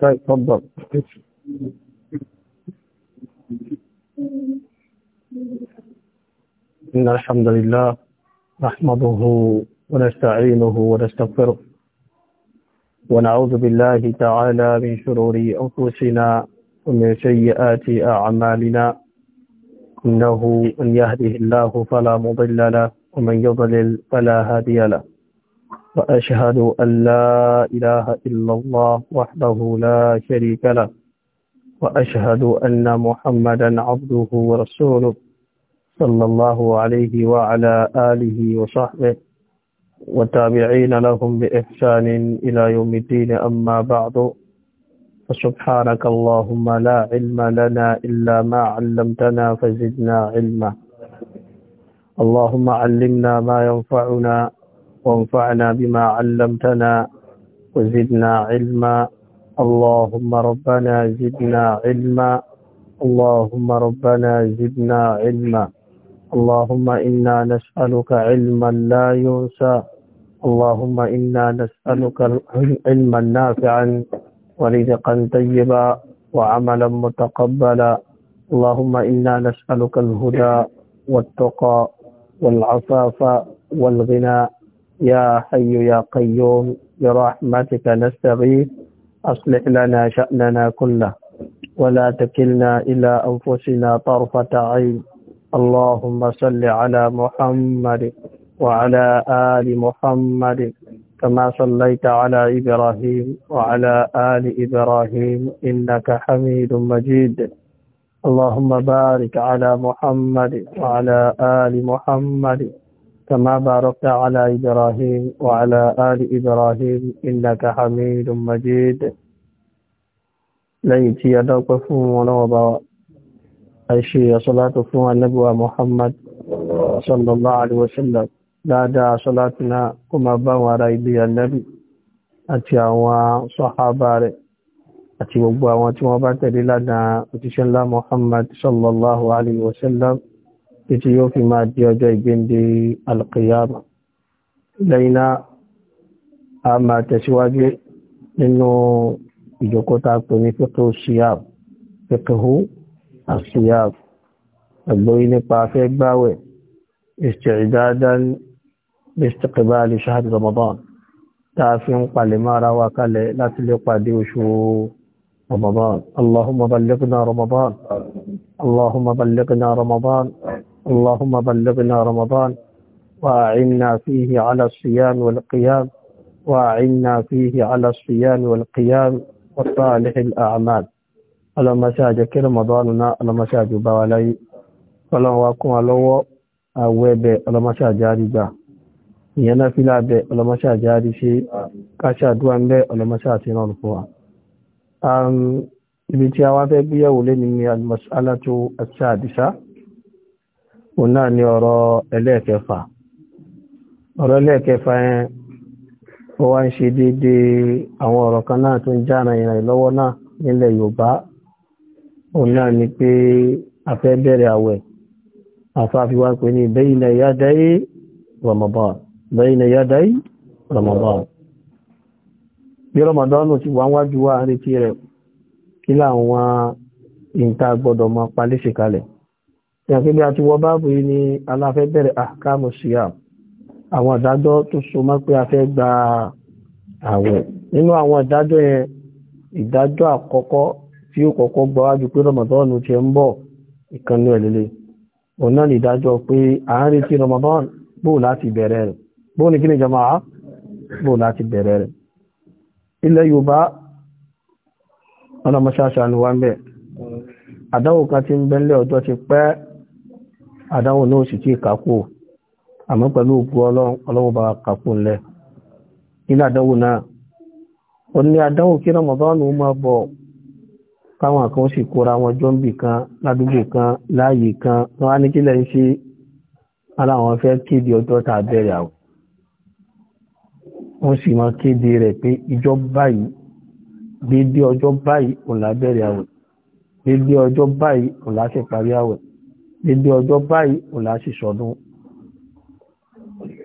طيب تفضل إن الحمد لله نحمده ونستعينه ونستغفره ونعوذ بالله تعالى من شرور أنفسنا ومن سيئات أعمالنا إنه من يهده الله فلا مضل له ومن يضلل فلا هادي له وأشهد أن لا إله إلا الله وحده لا شريك له وأشهد أن محمدا عبده ورسوله صلى الله عليه وعلى آله وصحبه وتابعين لهم بإحسان إلى يوم الدين أما بعد فسبحانك اللهم لا علم لنا إلا ما علمتنا فزدنا علما اللهم علمنا ما ينفعنا وانفعنا بما علمتنا وزدنا علما اللهم ربنا زدنا علما اللهم ربنا زدنا علما اللهم إنا نسألك علما لا ينسى اللهم إنا نسألك علما نافعا ورزقا طيبا وعملا متقبلا اللهم إنا نسألك الهدى والتقى والعفاف والغنى يا حي يا قيوم برحمتك نستغيث أصلح لنا شأننا كله ولا تكلنا إلى أنفسنا طرفة عين اللهم صل على محمد وعلى آل محمد كما صليت على إبراهيم وعلى آل إبراهيم إنك حميد مجيد اللهم بارك على محمد وعلى آل محمد كما باركت على إبراهيم وعلى آل إبراهيم إنك حميد مجيد لن يتيادوك فون ونوضا أشي صلاة فون النبوة محمد صلى الله عليه وسلم لا دع صلاتنا كما بان بي النبي أتي أوا صحابة أتي وبوا وانتوا باتر لنا أتي محمد صلى الله عليه وسلم títí yóò fi máa di ọjọ́ ìgbéǹde alqiyama lẹ́yìn náà a máa tẹ̀síwájú nínú ìjókòtà pè ní fẹ́kọ̀ọ́ síyàb fẹ́kọ̀ọ́ àṣíyàb ẹgbóyí nípa fẹ́ gbáwẹ̀ isti'dadan istiqbal shahr ramadan tá a fi ń palẹ̀ mára wa kalẹ̀ láti lè pàdé oṣù رمضان اللهم بلغنا رمضان اللهم بلغنا رمضان اللهم بلغنا رمضان وأعنا فيه على الصيام والقيام وأعنا فيه على الصيام والقيام وصالح الأعمال اللهم شاجك رمضاننا اللهم شاج بوالي فلن واكم ألو أويب اللهم شاجاري جا ينا فيلا بي اللهم شاجاري شي كاشا دوان بي اللهم شاجي نرفوها أم ibi ti a wa fẹ gbéyàwó òun ni ọ̀rọ̀ ẹlẹ́ẹ̀kẹfà ọ̀rọ̀ ẹlẹ́ẹ̀kẹfà yẹn ó wá ń ṣe dédé àwọn ọ̀rọ̀ kan náà tó ń jára ìrìn lọ́wọ́ náà nílẹ̀ Yorùbá òun ni pé afẹ́ bẹ̀rẹ̀ àwẹ̀ pé ní ìyàfẹ́ bí a ti wọ báàbù yìí ni aláfẹ́ bẹ̀rẹ̀ àkámù síyàm àwọn ìdájọ́ tó so mọ́ pé a fẹ́ gba àwẹ̀ nínú àwọn ìdájọ́ yẹn ìdájọ́ àkọ́kọ́ tí ó kọ́kọ́ gbọ́wájú pé rọmọdọ́ọ̀nù ti ń bọ̀ ìkànnì ẹ̀lẹ́lẹ́ òun náà ìdájọ́ pé à ń retí rọmọdọ́ọ̀nù bóò láti bẹ̀rẹ̀ àdáwò náà sì tí ìkápò àmọ́ pẹ̀lú ògbó ọlọ́wọ́ bá kàpò ńlẹ̀ nílẹ̀ àdáwò náà ó ní àdáwò kí rọmọdánù máa bọ̀ káwọn kan sì kóra wọn jọ ń bì kan ládùúgbò kan láàyè kan wọn á ní kí lẹ́yìn sí aláwọn fẹ́ kéde ọjọ́ tá a bẹ̀rẹ̀ àwọ̀ wọ́n sì máa kéde rẹ̀ pé ìjọ báyìí dédé ọjọ́ báyìí òun lábẹ̀rẹ̀ àwẹ̀ dédé ọjọ́ báyìí òun láṣẹ parí àwẹ̀ dédé ọjọ́ báyìí ò láṣì sọdún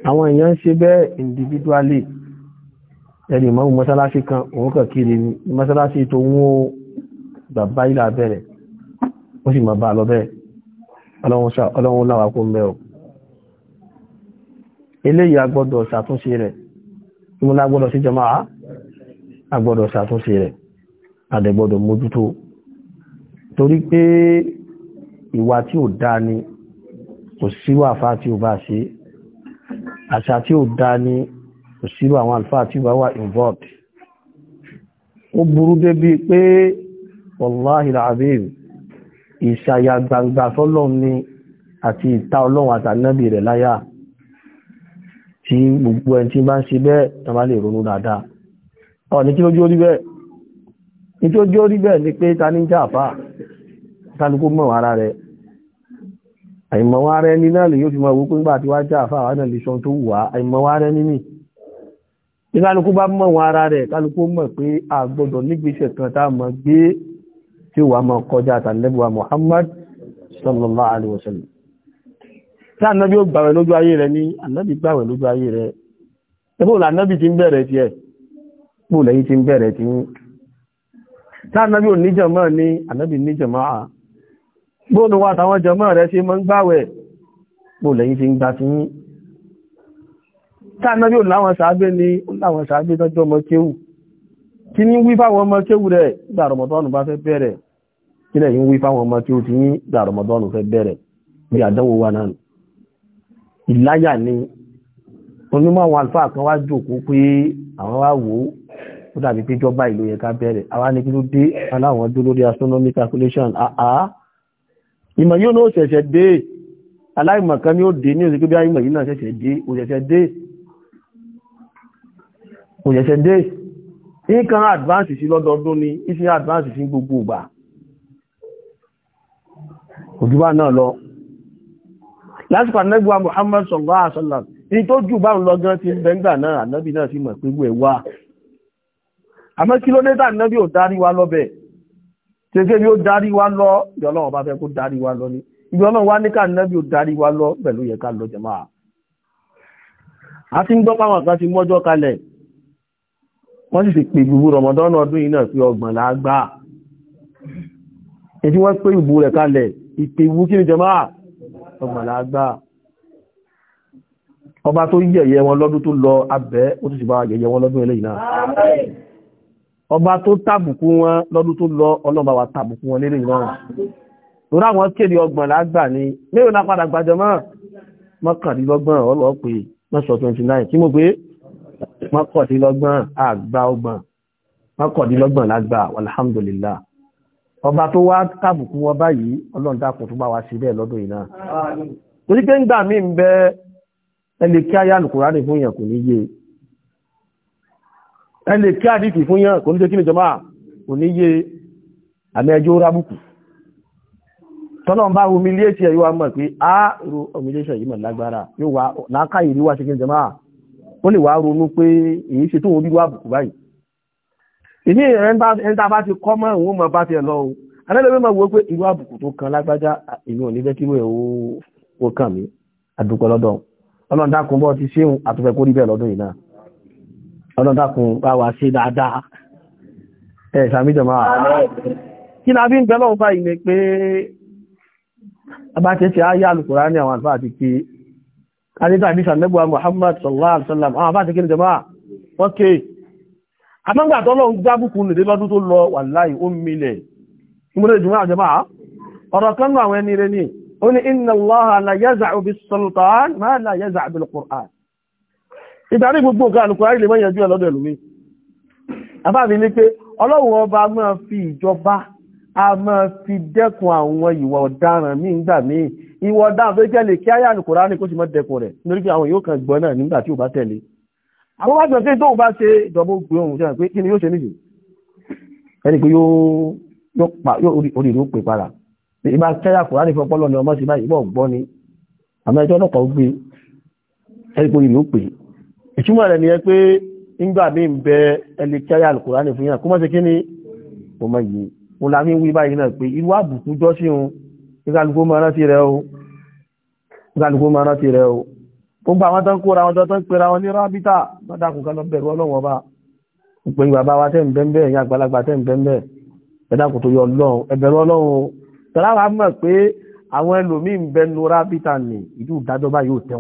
àwọn èèyàn ń ṣe bẹ́ẹ̀ individually ẹni mọ́ mọ́sálásí kan òun kàn kiri ní mọ́sálásí tó ń wó bàbá ìlà bẹ̀rẹ̀ ó sì máa bá lọ bẹ́ẹ̀ ọlọ́run láwà kó ń bẹ́ ò eléyìí agbọ́dọ̀ ṣàtúnṣe rẹ̀ tí sí jàmáà agbọ́dọ̀ ṣàtúnṣe rẹ̀ àdẹ̀gbọ́dọ̀ mójútó torí pé ìwà tí ò dáa ni kò sírò àfáà tí ó bá ṣe àṣà tí ò dáa o kò sírò àwọn àlfáà tí ó bá wà involved ó burú débi pé wàláhì làbíb ìṣàyà gbangba sọ́lọ́run ni àti ìta ọlọ́run gbogbo ẹni tí bá ń ṣe bẹ́ẹ̀ tó bá lè ronú dáadáa ọ̀ ní ni pé ta ní jáfà kálukú mọ̀ ara rẹ̀ àìmọ̀wọ́ ara ẹni náà lè yóò fi mọ̀ wípé nígbà tí wá já àfáà náà lè sọ́n tó wà àìmọ̀wọ́ ara ẹni nì ní kálukú bá mọ̀ wọn ara rẹ̀ kálukú mọ̀ pé a gbọ́dọ̀ nígbésẹ̀ kan tá a mọ̀ gbé tí wàá mọ̀ kọjá àtàlẹ́bùwà Muhammad sallallahu alaihi wasallam tí ànábí ó bóòlù wá tàwọn jọmọ́ rẹ̀ ṣe mọ́ ń gbáwẹ̀ bóòlù yìí ti ń gbà ti yí táà náà bí láwọn sàábé ní láwọn sàábé tọ́jọ́ ọmọ kéwù kí ní wí fáwọn ọmọ kéwù rẹ̀ gbà rọmọdọ́nù bá fẹ́ bẹ̀rẹ̀ kí ni onímọ̀ àwọn àlùfáà kan wá jókòó pé àwọn wá wò ó ó dàbí pé ìjọba ìlú yẹ ká bẹ̀rẹ̀ àwa ní kí ló dé aláwọn dúró lórí astronomy calculation àá ìmọ̀ yóò náà ṣẹ̀ṣẹ̀ dé aláìmọ̀kan ni ó dé ní òsìkú bí àìmọ̀ yìí náà ṣẹ̀ṣẹ̀ dé òṣẹ̀ṣẹ̀ dé òṣẹ̀ṣẹ̀ dé nǹkan advance sí lọ́dọọdún ni iṣẹ́ advance sí gbogbo ìgbà òjúbà náà lọ lásìkò anẹ́gbà Muhammad sallallahu alaihi wasallam ní tó jù bá ń lọ gan ti bẹ́ngbà náà ànábì náà sì mọ̀ pé ṣeṣe yóò darí wa lọ ìjọlọ́wọ́ bá fẹ́ kó darí wa lọ ní ìjọlọ́wọ́ wá ní ká nẹ́bí ó darí wa lọ pẹ̀lú yẹ ká lọ jẹ̀mọ́ à a ti ń gbọ́ páwọn kan ti mọ́jọ́ kalẹ̀ wọ́n sì ti pè gbogbo rọmọdán ọdún yìí náà fi ọgbọ̀n lágbà ètí wọ́n pé ìbò rẹ̀ kalẹ̀ ìpè ìwú kí ni jẹ̀mọ́ à ọgbọ̀n lágbà ọba tó yẹ̀yẹ́ wọn lọ́dún tó lọ abẹ́ ó tún sì bá yẹ̀yẹ́ wọn lọ́dún eléyìí náà ọba tó tàbùkú wọn lọ́dún tó lọ ọlọ́ba wa tàbùkú wọn nílé ìrọ̀rùn lórí àwọn kéde ọgbọ̀n lágbà ni mẹ́rin náà padà gbàjọ mọ́ mọ́kàndínlọ́gbọ̀n ọlọ́ pé mọ́sọ̀ 29 kí mo pé mọ́kàndínlọ́gbọ̀n àgbà ọgbọ̀n mọ́kàndínlọ́gbọ̀n lágbà alhamdulillah ọba tó wá tàbùkú wọn báyìí ọlọ́run dákun tó bá wa ṣe bẹ́ẹ̀ lọ́dún yìí náà torí pé ń gbà mí ń bẹ ẹlẹ́kí ayálùkùránì fún èèyàn kò ní yé ẹlẹ̀ kí àdìtì fún yán kò ní jẹ́ kí ní jọmá kò ní yé àmì ẹjọ́ rábùkù tọ́lọ̀n bá humiliation yóò wá mọ̀ pé á ro humiliation yìí mọ̀ lágbára yóò wá láká ìrí wá ṣe kí ní jọmá ó lè wá ronú pé èyí ṣe tó orí wábùkù báyìí ìní ẹ̀ńtà bá ti kọ́ mọ́ ṣéun àtúfẹ́ bẹ́ẹ̀ lọ́dún yìí ọlọ́dàkùn bá wà sí dáadáa ẹ̀ sàmíjọmá kí na bí ń bẹ́lọ́ bá ilẹ̀ pé abáṣẹ́ṣẹ́ ayé alùkùrá ní àwọn àfáà àti pé alẹ́ta àdísà lẹ́gbà Muhammad sallallahu alaihi wasallam àwọn àfáà àti kí ní jọmá ókè àtọ́gbà tọ́lọ́ ń wallahi ó milẹ̀ ìmúlẹ̀ ìjùmọ́ àjọmá ọ̀rọ̀ kan nù àwọn ẹni inna Allaha la yaza'u bis-sultan ma la yaza'u bil-Qur'an ìdarí gbogbo nǹkan àlùkùránì lè mọ́yànjú ẹ̀ lọ́dọ̀ ẹ̀lùmí àbáàbí ní pé ọlọ́run ọba máa fi ìjọba a máa fi dẹ́kun àwọn ìwà ọ̀daràn míì nígbà míì ìwà ọ̀daràn tó jẹ́ lè kí ayé àlùkùránì kó sì mọ́ dẹ́kun rẹ̀ nítorí pé àwọn yóò kàn gbọ́ náà nígbà tí ò bá tẹ̀lé àwọn bá sọ pé tóun bá ṣe ìjọba ó gbé òun ìtumọ̀ rẹ̀ ni ẹ pé ńgbà mí ń bẹ ẹlẹ́ kí ayé alùkùránì fún kó mọ́ sí kí ni kò mọ yìí mo la fi ń wí báyìí náà pé irú àbùkù jọ́sìn o ìgbàlùkù máa rántí rẹ o ìgbàlùkù máa rántí rẹ o gbogbo àwọn tó ń kóra wọn tó tó ń pera wọn ní rábítà mọ́dàkùn kan lọ bẹ̀rù ọlọ́wọ́n bá ìpè bàbá wa tẹ́ ń bẹ́ ń bẹ́ ẹ̀yìn àgbàlagbà tẹ́ ń bẹ́ ń bẹ́ ẹ̀dàkùn tó yọ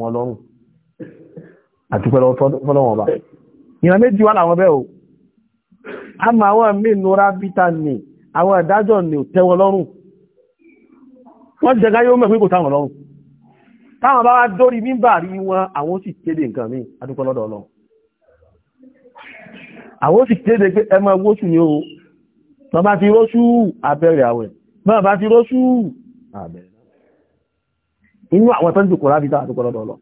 ọlọ́run àti pẹ́lọ fọ́lọ́wọ̀n ọba ìran méjì wà láwọn bẹ́ẹ̀ o a ma àwọn mẹ́nura bíta ní àwọn ìdájọ́ ní tẹ́wọ́ lọ́rùn wọ́n jẹga yóò mẹ́ pé kò táwọn lọ́rùn táwọn bá wá dórí mímbà rí wọn àwọn sì kéde nǹkan mí adúpọ́lọ́dọ̀ ọlọ́run inú àwọn tó ń jòkó rábítà àdúpọ́lọ́dọ̀ ọlọ́run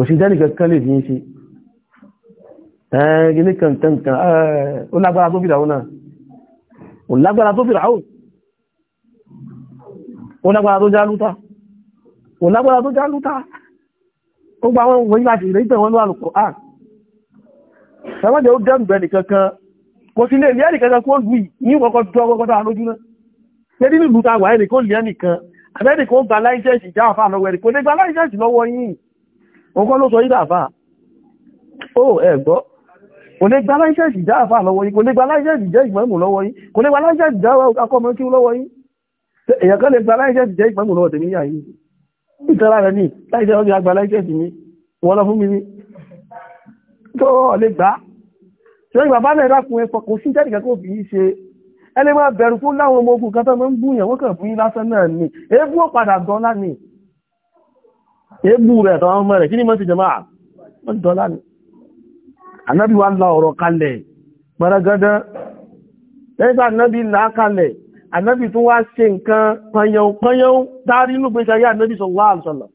òṣìṣẹ́ nìkan kan lè fi ń ṣe ẹ̀ẹ́gì ní kankankan ó lágbára tó fìràwó náà ó lágbára tó fìràwó ó lágbára tó jálúta ó lágbára tó jálúta ó gba wọn wọ́n yíká sí ilẹ̀ ìtẹ̀ wọn lọ́wọ́ à sẹ́wọ́dẹ̀ ó dẹ́gbẹ̀ nìkankan kò sí lè ní ẹnìkankan kó lù ní kọ́kọ́ tó ọkọ́ tó alójú náà lẹ́dí nílùú ta wà ẹnìkan lè ẹnìkan àbẹ́ẹ̀nìkan ó gba láìsẹ́ẹ̀sì jáwà fáà lọ́wọ́ ẹnìkan lè gba láìsẹ́ẹ̀sì lọ́wọ́ yìí ọkọ́ ló sọ ìdáfà ó ẹ̀gbọ́ kò lè gba láìsẹ̀sì ìdáfà lọ́wọ́ yìí kò lè gba láìsẹ̀sì jẹ́ ìgbẹ̀mù lọ́wọ́ yìí kò lè gba láìsẹ̀sì ìdáfà akọ́mọ́ kí lọ́wọ́ máa bẹ̀rù fún láwọn ọmọ ogun kan tó máa ń búyàn wọ́n kàn fún yín náà ni èébú ó gan lá ni egbù rẹ̀ àtàwọn ọmọ rẹ̀ kí ní mọ́ sí jama'a wọ́n ti dọ́lá ní anábí wa ń la ọ̀rọ̀ kalẹ̀ gbọ́rọ̀gọ́dọ́ lẹ́gbà anábí là kalẹ̀ anábí tún wá ṣe nǹkan panyẹun panyẹun dárí inú gbé ṣayé anábí sallallahu alaihi wasallam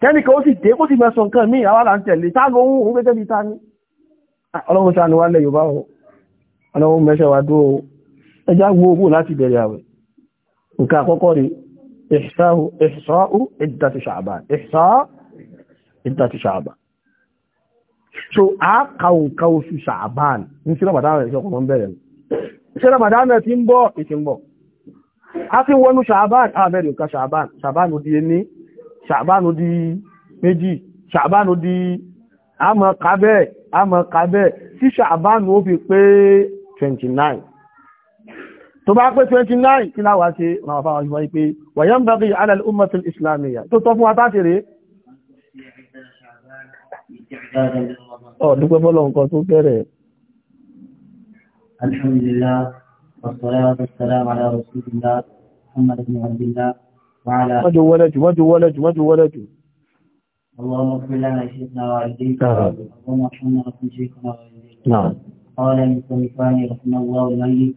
kẹ́nìkan ó sì dé kó sì mẹ́ sọ nǹkan míì àwa là ń tẹ̀lé tá ló ń òun gẹ́gẹ́ bí ta ní ọlọ́run sáà إحصاء إحصاء عدة شعبان إحصاء عدة شعبان so a kàwùkà oṣù ṣàbán ní sí ramadana ìṣẹ́ ọkùnrin bẹ̀rẹ̀ sí ramadana ti ń bọ̀ ìtì ń bọ̀ a ti wọnú ṣàbán a bẹ̀rẹ̀ òkà ṣàbán ṣàbán ó di ẹni ṣàbán ó di méjì ṣàbán ó di àmọ́ kábẹ̀ àmọ́ kábẹ̀ sí ṣàbán ó fi pé 29 tó bá pé 29 kí láwàá ṣe ràwà fáwọn ìwọ̀ ìpé wọ̀yán bá rí alal ummatul islamiyya tó tọ́ fún wa táṣì rí ọ̀dúgbẹ́ bọ́lọ̀ nǹkan tó kẹ́rẹ̀ alhamdulillah wassalatu wassalamu ala rasulillah muhammad ibn abdillah wa ala wájú wọ́lẹ́jù wájú wọ́lẹ́jù wájú wọ́lẹ́jù اللهم اغفر لنا شيخنا والديك اللهم ارحمنا وارحم شيخنا والديك قال من سمعاني رحمه الله الميت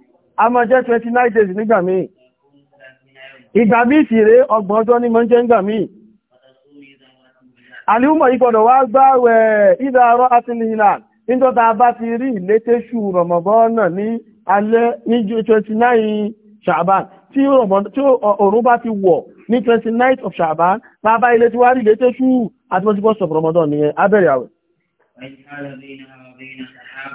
a máa jẹ́ 29 days nígbà míì ìgbà bí ìsìrè ọgbọ̀n ọjọ́ ní mọ́ jẹ́ ńgbà míì àlúmọ̀ ìgbọ̀dọ̀ wá gbáwẹ̀ ìdàrọ̀ àtìlìyìnà níjọta bá ti rí ìlétẹ́ṣù rọ̀mọ̀bọ́nà ní alẹ́ ní 29 ṣàbán tí òòrùn bá ti wọ̀ ní 29 of ṣàbán bá bá ilé tí wá rí ìlétẹ́ṣù àti wọ́n ti bọ́ sọ̀rọ̀ rọ̀mọ̀dọ́ ní abẹ́rẹ̀ àwẹ̀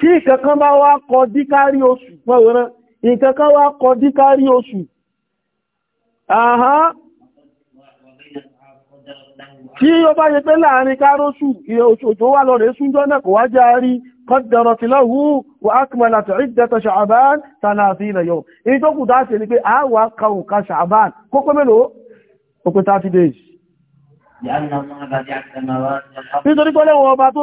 tí ìkẹ̀kan bá wá kọ díkárí oṣù pẹ́wẹ́rán nǹkan kan wá kọ díkárí oṣù tí ó bá yẹ pé láàrin káróṣù òjò wà lọ́rẹ̀ súnjọ́ náà kò wá járí kọ́dọ̀rọ̀ ti lọ́wú wà ákùnmọ̀lá tàrí dẹta ṣàbán tànàfí a wà kàùn ká ṣàbán kó pé mélòó òpin 30 days nítorí pé lẹ́wọ̀n ọba tó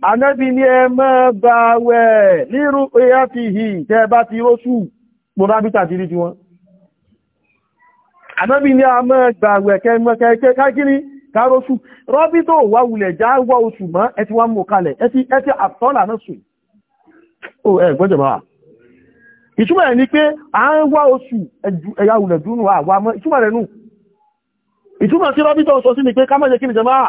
Ànábì ni ẹ máa bá wẹ̀ nírú ẹyà ti hì tẹ́ bá ti róṣù mọ́rábítà ti rí ti wọn. Ànábì ni a máa gbà wẹ̀ kẹ́kẹ́ kágírí káróṣù. Rọ́bí tó wà wulẹ̀ já wọ́ oṣù mọ́ ẹ ti wá mú kalẹ̀ ẹ ti àtọ́là náà sùn. Ó ẹ gbọ́jọ̀ bá ìtumọ̀ ẹ̀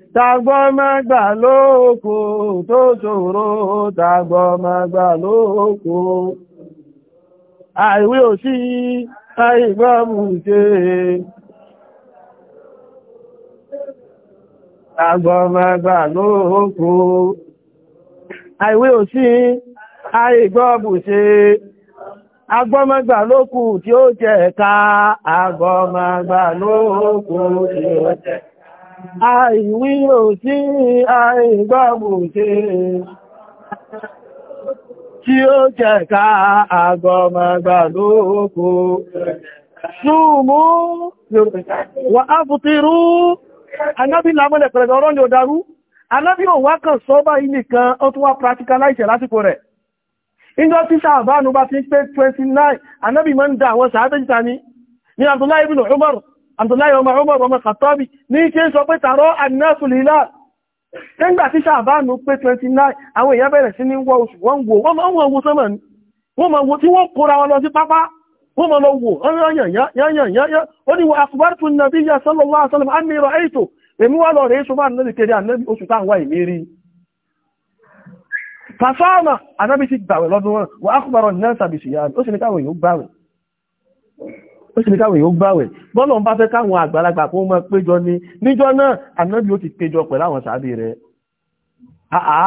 Tàgbọ́mọ́gbà lóòkó tó ṣòro, tàgbọ́mọ́gbà lóòkó. Àìwé òṣì, àìgbọ́mù ṣe. Tàgbọ́mọ́gbà lóòkó. Àìwé òṣì, àìgbọ́mù ṣe. Agbọ́mọ́gbà lókù tí ó jẹ́ ẹ̀ka, agbọ́mọ́gbà lókù tí ó jẹ́ ẹ̀ka àìwírò sí àìgbàgbò sí tí ó jẹ̀ka àgọmọ̀gbà lóòkó ṣùmú wà á fùtírú anábí lámọ́lẹ̀ pẹ̀lẹ̀ ọ̀rọ̀ ni ò darú anábí ò wá kàn sọ́bá ilé kan ó tún wá practicalize lásìkò rẹ̀ ìjọ tí sàbánu bá ti pé 29 anábí máa ń dá àwọn sàábẹ́jìta ni ni Abdullahi ibn Umar Abdullahi ọmọ ọmọ ọmọ Kàtọ́bì ní ṣe ń sọ pé tààrọ àdínásùlélà. Nígbà tí ṣàbánú pé 29, àwọn èèyàn bẹ̀rẹ̀ sí ní wọ oṣù wọ́n wò, wọ́n máa ń wo sọ́mọ̀ ní, wọ́n máa wo tí wọ́n kóra wọn lọ sí pápá, wọ́n máa lọ wò, ó ní wọ àkùbárùtù nàbí yà sallallahu alaihi wasallam, àmì ìrọ̀ ètò, èmi wà lọ rẹ̀ èso máa nílì kéré ànábì oṣù táwọn ìlérí. Fàfáàmà, ànábì ti gbàwẹ̀ lọ́dún wọn, wọ àkùbárọ̀ náà sàbìsì yà, ó sì ní káwọn èèyàn gbàwẹ̀ ó sì ní káwọn èèyàn gbàwẹ̀ bọ́lọ̀ ń bá fẹ́ káwọn àgbàlagbà kó mọ́ péjọ ni níjọ́ náà ànábì ó ti péjọ pẹ̀lú àwọn sàábì rẹ̀ àá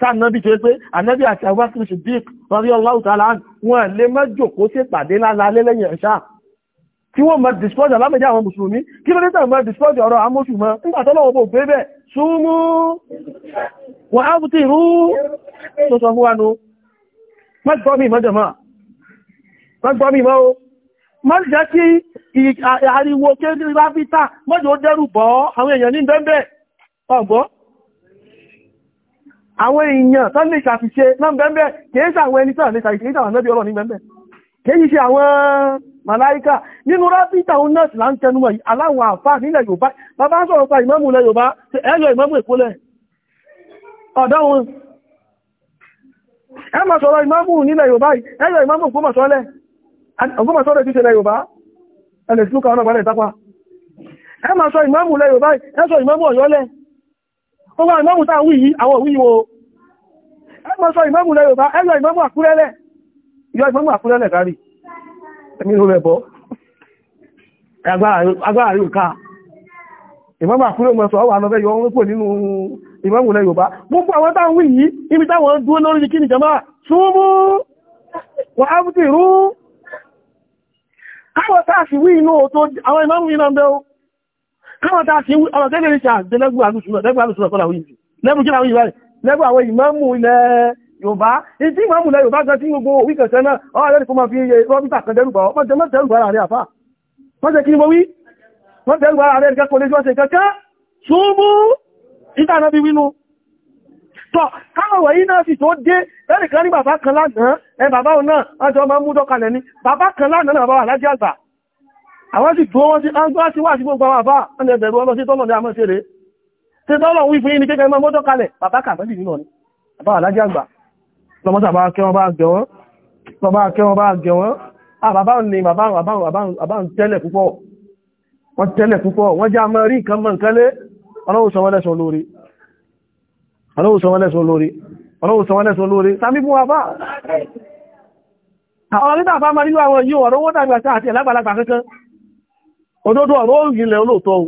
sáànábì tó pé ànábì àti Abubakar Siddiq radiyallahu ta'ala wọn lè má jòkó sí pàdé lálẹ́ lẹ́yìn ẹ̀ṣà tí wọ́n mọ̀ discourse alámẹ́jẹ́ àwọn mùsùlùmí kí ló dẹ́tà mọ̀ discourse ọ̀rọ̀ amóṣù má jẹ́ kí ariwo kéèrí bá fi tà mọ́jọ́ ó dẹ́rù bọ́ àwọn èèyàn ní bẹ́ẹ̀bẹ́ ọ̀gbọ́ àwọn èèyàn tán lè ṣàfiṣe náà bẹ́ẹ̀bẹ́ kìí ṣe àwọn ẹni tán lè ṣàfiṣe ní àwọn ẹbí ọlọ́ ní bẹ́ẹ̀bẹ́ kìí ṣe àwọn màláíkà nínú rápítà òun náà sì là ń tẹnumọ̀ aláwọ̀ àfáà nílẹ̀ Yorùbá bàbá sọ̀rọ̀ pa ìmámù ilẹ̀ Yorùbá ẹ̀yọ ìmámù Èkó lẹ̀ ọ̀dọ́ wọn ẹ mà sọ̀rọ̀ ìmámù nílẹ̀ Yorùbá ẹ̀yọ ìmámù Èkó mà ọgbọ́mọ̀ sọ́rọ̀ ti ṣẹlẹ̀ Yorùbá ẹlẹ̀ sí lúkà ọ̀nà balẹ̀ ìtapá ẹ ma sọ ìmáàmù lẹ Yorùbá ẹ sọ ìmáàmù ọ̀yọ́lẹ̀ ó wá ìmáàmù tá wí yìí àwọn òwí wo ẹ ma sọ ìmáàmù lẹ Yorùbá ẹ yọ ìmáàmù àkúrẹ́lẹ̀ yọ ìmáàmù àkúrẹ́lẹ̀ kárí ẹ̀mí ló rẹ̀ bọ́ agbára yóò ká ìmáàmù àkúrẹ́ mọ̀ sọ wà lọ bẹ́ yọ wọn pò nínú ìmáàmù lẹ Yorùbá gbogbo àwọn táwọn wí yìí ibi táwọn dúró lórí kí ni jama súnmú wà á bú ti rú káwọn táà sí wí inú tó àwọn iná wí náà bẹ́ẹ̀ káwọn táà sí ọ̀rọ̀ tẹ́lẹ̀ ní ṣàdé lẹ́gbù alùsùnà kọ́lá wí lẹ́bù kí láwí ìbáyìí lẹ́bù àwọn ìmáàmù ilẹ̀ Yorùbá ìdí ìmáàmù ilẹ̀ Yorùbá gan tí gbogbo òwí kẹsẹ̀ náà ọ̀rọ̀ lẹ́rìí kó máa fi rọ́bítà kan dẹ́rùbà wọ́n jẹ́ mọ́tẹ̀ rùbà rẹ̀ àfà wọ́n jẹ́ kí mo wí wọ́n tẹ́rùbà rẹ̀ kẹ́kọ̀ọ́ lé tọ́ káwọ̀ yìí náà sì tó dé lẹ́nìkan ní bàbá kan lánàá ẹ bàbá òun náà wọ́n jọ máa mú dọ́kalẹ̀ ní bàbá kan lánàá náà bàbá wà lájẹ́ àgbà àwọn sì tó wọ́n sí ángọ́ sí wà sí gbogbo àwọn àbá ọ̀nà ẹ̀bẹ̀rù ọlọ́ sí tọ́lọ̀ ní àmọ́ sí rẹ̀ tí tọ́lọ̀ wí fún yí ní kékeré mọ́ mọ́tọ́ kalẹ̀ bàbá kàbẹ́ sí nínú ni àbá alájẹ́ àgbà lọ́mọ́sà bá kẹ́ wọn bá gẹ̀ wọ́n àbàbá ní bàbá ń tẹ́lẹ̀ púpọ̀ wọ́n tẹ́lẹ̀ púpọ̀ wọ́n já mọ́ rí nǹkan mọ́ nǹkan lé ọlọ́wọ́ sọ wọ́n lẹ́sọ lórí ọlọ́wọ́ sọ wọ́n lẹ́sọ lórí ọlọ́wọ́ sọ wọ́n lẹ́sọ lórí sami fún wa bá àwọn nígbà fáma nílò àwọn yíò ọ̀rọ̀ wọ́n dàgbà àti ẹ̀lágbàlagbà kankan òdodo ọ̀rọ̀ òyìnlẹ̀ olóòtọ́ o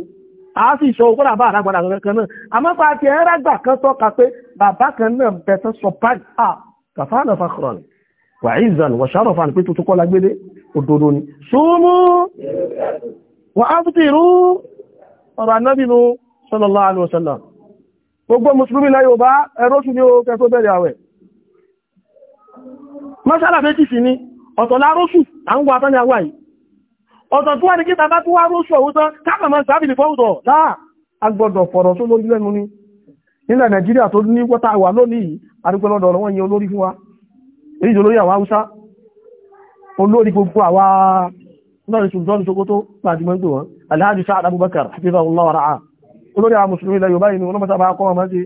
a sì sọ okó làbá àlágbàlà kankan náà àmọ́pá àti ẹ̀rágbà kan tọ́ka pé bàbá kan náà bẹ̀tẹ̀ sọ páàdì à kàfáànà fàkọrọ̀n wà ìzàn wà sàrọ̀fà pé tuntun kọ́ lágbélé òdodo ni súnmú wà á fìtìrú ọ̀rọ̀ anábìnú sallallahu alaihi wasallam gbogbo mùsùlùmí ilẹ̀ Yorùbá ẹ̀rọ́ṣù ní o kẹtó bẹ̀rẹ̀ àwẹ̀ mọ́ṣálà méjì sí ní ọ̀tọ̀ láróṣù à ń wà tán ní àwà yìí ọ̀tọ̀ tó wà ní kíta bá tó wá róṣù ọ̀wútán kápàmọ́ sábìlì fọ́wùtọ̀ láà agbọ́dọ̀ fọ̀rọ̀ tó lórí lẹ́nu ní nílẹ̀ Nàìjíríà tó ní wọ́ta wà lónìí arúgbẹ́lọ́dọ̀ wọ́n wa èyí olórí àwọn Haúsá olórí gbogbo àwa náà olórí àwọn mùsùlùmí ilẹ̀ Yorùbá inú ọlọ́pàá bá kọ́ ọmọ sí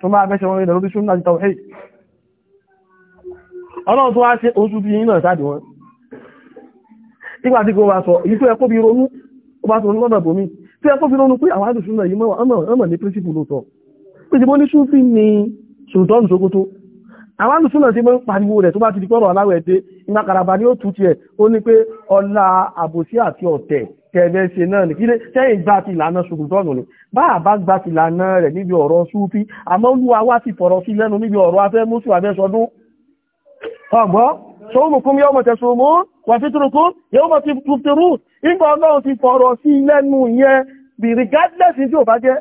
tó máa bẹ́ṣẹ̀ wọn ilẹ̀ lórí súnnà àti tawhid ọlọ́run tó wá sí oṣù bí iná sáàdì wọn nígbàtí kò wá sọ èyí tó ẹkó bí ronú ó bá sọ ní lọ́dọ̀ bòmí tó ẹkó bí ronú pé àwọn àdùn súnnà yìí ọmọ ní pírísìpù ló sọ pèsè ní súnfì ní sultan Sokoto àwọn àdùn súnnà ti mọ́ ń pariwo rẹ̀ tó bá ti di kọ́rọ̀ aláwẹ̀ dé ìgbàkàràbà ni ó tú tiẹ̀ ó ní pé ọlá àbòsí àti ọ̀tẹ̀ kẹ̀ẹ̀bẹ́ ṣe náà ní kílé sẹ́yìn gbá ti ìlànà ṣùgbùtọ́nù ni bá àbá gbá ti ìlànà rẹ̀ níbi ọ̀rọ̀ súfí àmọ́ olúwa wá ti fọ̀rọ̀ sí lẹ́nu níbi ọ̀rọ̀ afẹ́ mùsù abẹ́sọdún ọgbọ́ sọ́mùkún yóò mú wà fítúrukún yóò regardless tí ò bá jẹ́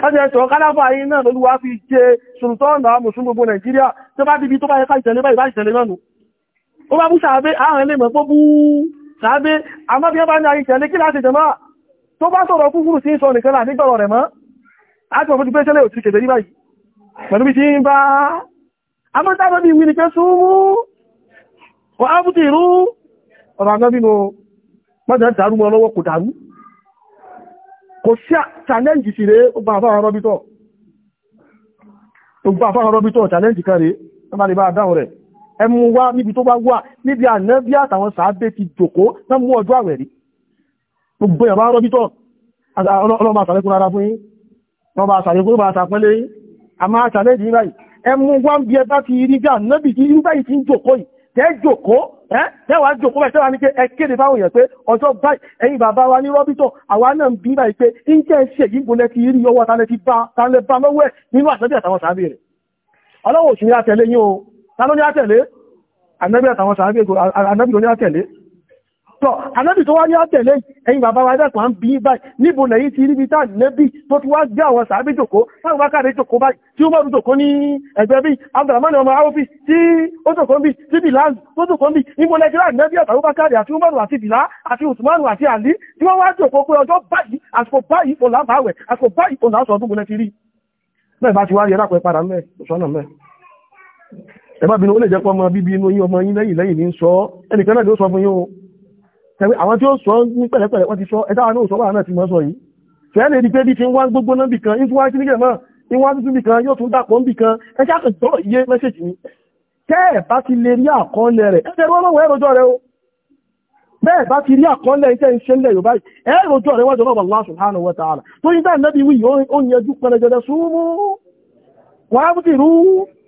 kájẹ́ ẹ̀ṣọ́ káláfà yìí náà lólúwa fi jẹ sùlùtọ́ọ̀nà àmùsùn gbogbo nàìjíríà tó bá dìbí tó bá yẹ ká ìtẹ̀lé bá sàábé àmọ́ bí ó bá ní ayé tẹ̀lé kí láti jẹmọ́ tó bá sọ̀rọ̀ kúkúrù sí sọ nìkan láti gbọ́rọ̀ rẹ̀ mọ́ láti ọ̀fún ti pé tẹ́lẹ̀ òtún kèfèrí báyìí pẹ̀lú bí ti ń bá àmọ́ tábọ́ bí wí ni pé súnmú wọ ábùtì irú ọ̀rọ̀ àgbà bínú mọ́jẹ̀ dàrú mọ́ lọ́wọ́ kò dàrú kò sí challenge sí rẹ̀ ó bá àfáwọn rọ́bítọ̀ challenge kan rẹ̀ ẹmu wá níbi tó bá wà níbi àná bí àtàwọn sàábé ti jòkó náà mú ọjọ́ àwẹ̀ rí gbogbo ìyàmá rọ́bí tọ́ ọlọ́mà àtàlẹ́kùn ara fún yín ọlọ́mà àtàlẹ́kùn bá àtàpẹ́lẹ́ yín a máa tàlẹ́ ìdí báyìí ẹmu wá ń bí ẹ bá ti rí bí àná bí ti rí báyìí ti ń jòkó yìí tẹ́ jòkó tẹ́wàá jòkó báyìí tẹ́wàá ní pé ẹ kéde fáwọn èèyàn pé ọjọ́ báyìí ẹ̀yin bàbá wa ní rọ́bítọ̀ àwa náà bí báyìí pé ń jẹ́ ṣe yìí gbọ́lẹ̀ ti rí ọwọ́ tálẹ́ bá lọ́wọ́ nínú àṣẹ́bí àtàwọn sàábì rẹ̀ tàbí ní àtẹ̀lé ànábì àtàwọn sàábé ànábì ló ní àtẹ̀lé tọ́ ànábì tó wá ní àtẹ̀lé ẹ̀yin bàbá wa dẹ̀kùn à ń bí báyìí níbo lẹ́yìn ti rí bí táà nẹ́bì tó ti wá gbé àwọn sàábé jòkó táwọn bá káàdé jòkó báyìí tí ó mọ̀rú jòkó ní ẹgbẹ́ bí abdulhamani ọmọ aofi tí ó jòkó ń bí tí bilal tó jòkó ń bí níbo lẹ́gbẹ́ nẹ́bì àtàwọn bá káàdé àti umaru àti bila àti usmanu àti ali tí wọ́n wá jòkó pé ọjọ́ báyìí àsìkò báyìí kò láǹfààwẹ̀ àsìkò báyìí kò láǹsọ̀ ọdún mo lẹ́ ti rí bẹ́ẹ̀ bá ti wá yẹra pẹ́ padà mẹ́ òṣọ́nà mẹ́ ẹ̀má bínú ó lè jẹ́ pọ́ ọmọ bíbí inú yín ọmọ yín lẹ́yìn lẹ́yìn ní sọ ẹnìkan náà ló sọ fún yín o ẹ̀wẹ́ àwọn tí ó sọ ní pẹ̀lẹ́pẹ̀lẹ́ wọ́n ti sọ ẹ̀dá àwọn òṣọ́wà náà ti mọ́ sọ yìí fẹ́ẹ́ lè rí pé bí ti ń wá gbogbo náà bìkan ń tún wá náà ń wá tuntun bìkan yóò tún dàpọ̀ ń bìkan ẹ ṣáà kàn iye mẹ́sẹ̀jì ni tẹ́ ẹ̀ bá ti lè rí àkọọ́lẹ̀ rẹ̀ ẹ tẹ́rọ ọlọ́wọ́ ẹ̀rọjọ́ rẹ o bẹ́ẹ̀ bá ti rí àkọọ́lẹ̀ iṣẹ́ iṣẹ́ ńlẹ̀ Yorùbá ẹ̀rọjọ́ rẹ wájú ọlọ́wọ́ Allah subhanahu wa ta'ala tó yí dáa nẹ́bí wí ó yanjú pẹlẹgẹdẹ súnmú wàá bùtì rú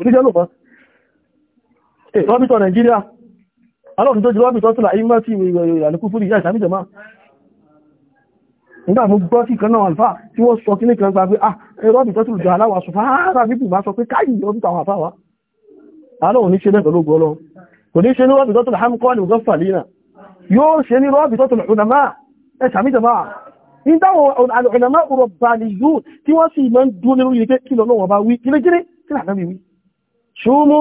oníṣẹ́ lò mọ́ rọ́bìtọ̀ nàìjíríà alọ́run tó jù rọ́bìtọ̀ tó láì mọ́ sí ìrìnàlẹ́kú fún ìyá ìsàmì jẹma nígbà mú gbọ́ sí kan náà alfa tí wọ́n sọ kíní kan gba pé ah rọ́bìtọ̀ tó jù aláwà sọ fáárá bíbù bá sọ pé káyì rọ́bìtọ̀ àwọn àfáwà alọ́run ní ṣe lẹ́gbẹ̀ẹ́ lógún ọlọ́run kò ní ṣe ní rọ́bìtọ̀ tó láhàm kọ́ ní gọ́fà lína yóò ṣe ní rọ́bìtọ̀ tó lùnàmá ẹ sàmì jẹma nígbà wọn alùnàmá urọ̀bàlì yóò tí wọ́n sì máa ń dúró lórí ilé kí lọ́wọ́ bá wí kílégírí kí là náà wí ṣúmú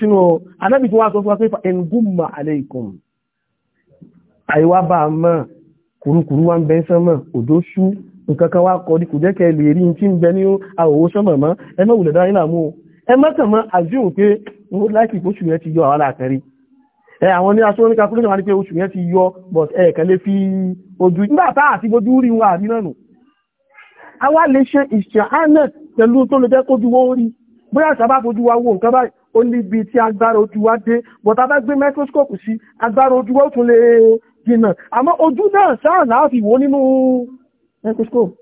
sínú anábì tí wá sọ fún wa pé ẹngúnmà aleikum àìwá bá mọ́ kùrukùru wa ń bẹ sánmọ̀ òdó ṣú nǹkan kan wá kọ ní kò jẹ́kẹ́ lè rí tí ń bẹ ní àwòwò sánmọ̀ mọ́ ẹ mọ́ wùlẹ̀ dára nílàmú ẹ mọ́tàn mọ́ àjíhùn pé wọ́n láìkì oṣù yẹn ti yọ àwọn àkẹrí ẹ àwọn ní aṣọ oníkàkúrò náà wá ní pé oṣù yẹn ti yọ but ẹ̀ẹ̀kan lè fi a wá lè ṣe ìṣẹ̀hánà pẹ̀lú tó lè jẹ́ kó ju wọ́n rí bóyá ìṣàbá fojú wa wo nǹkan báyìí ó ní ibi tí agbára ojú wa dé bọ̀tá bá gbé microscope sí agbára ojú wa ó tún lè jìnà àmọ́ ojú náà sáà náà fi wò nínú microscope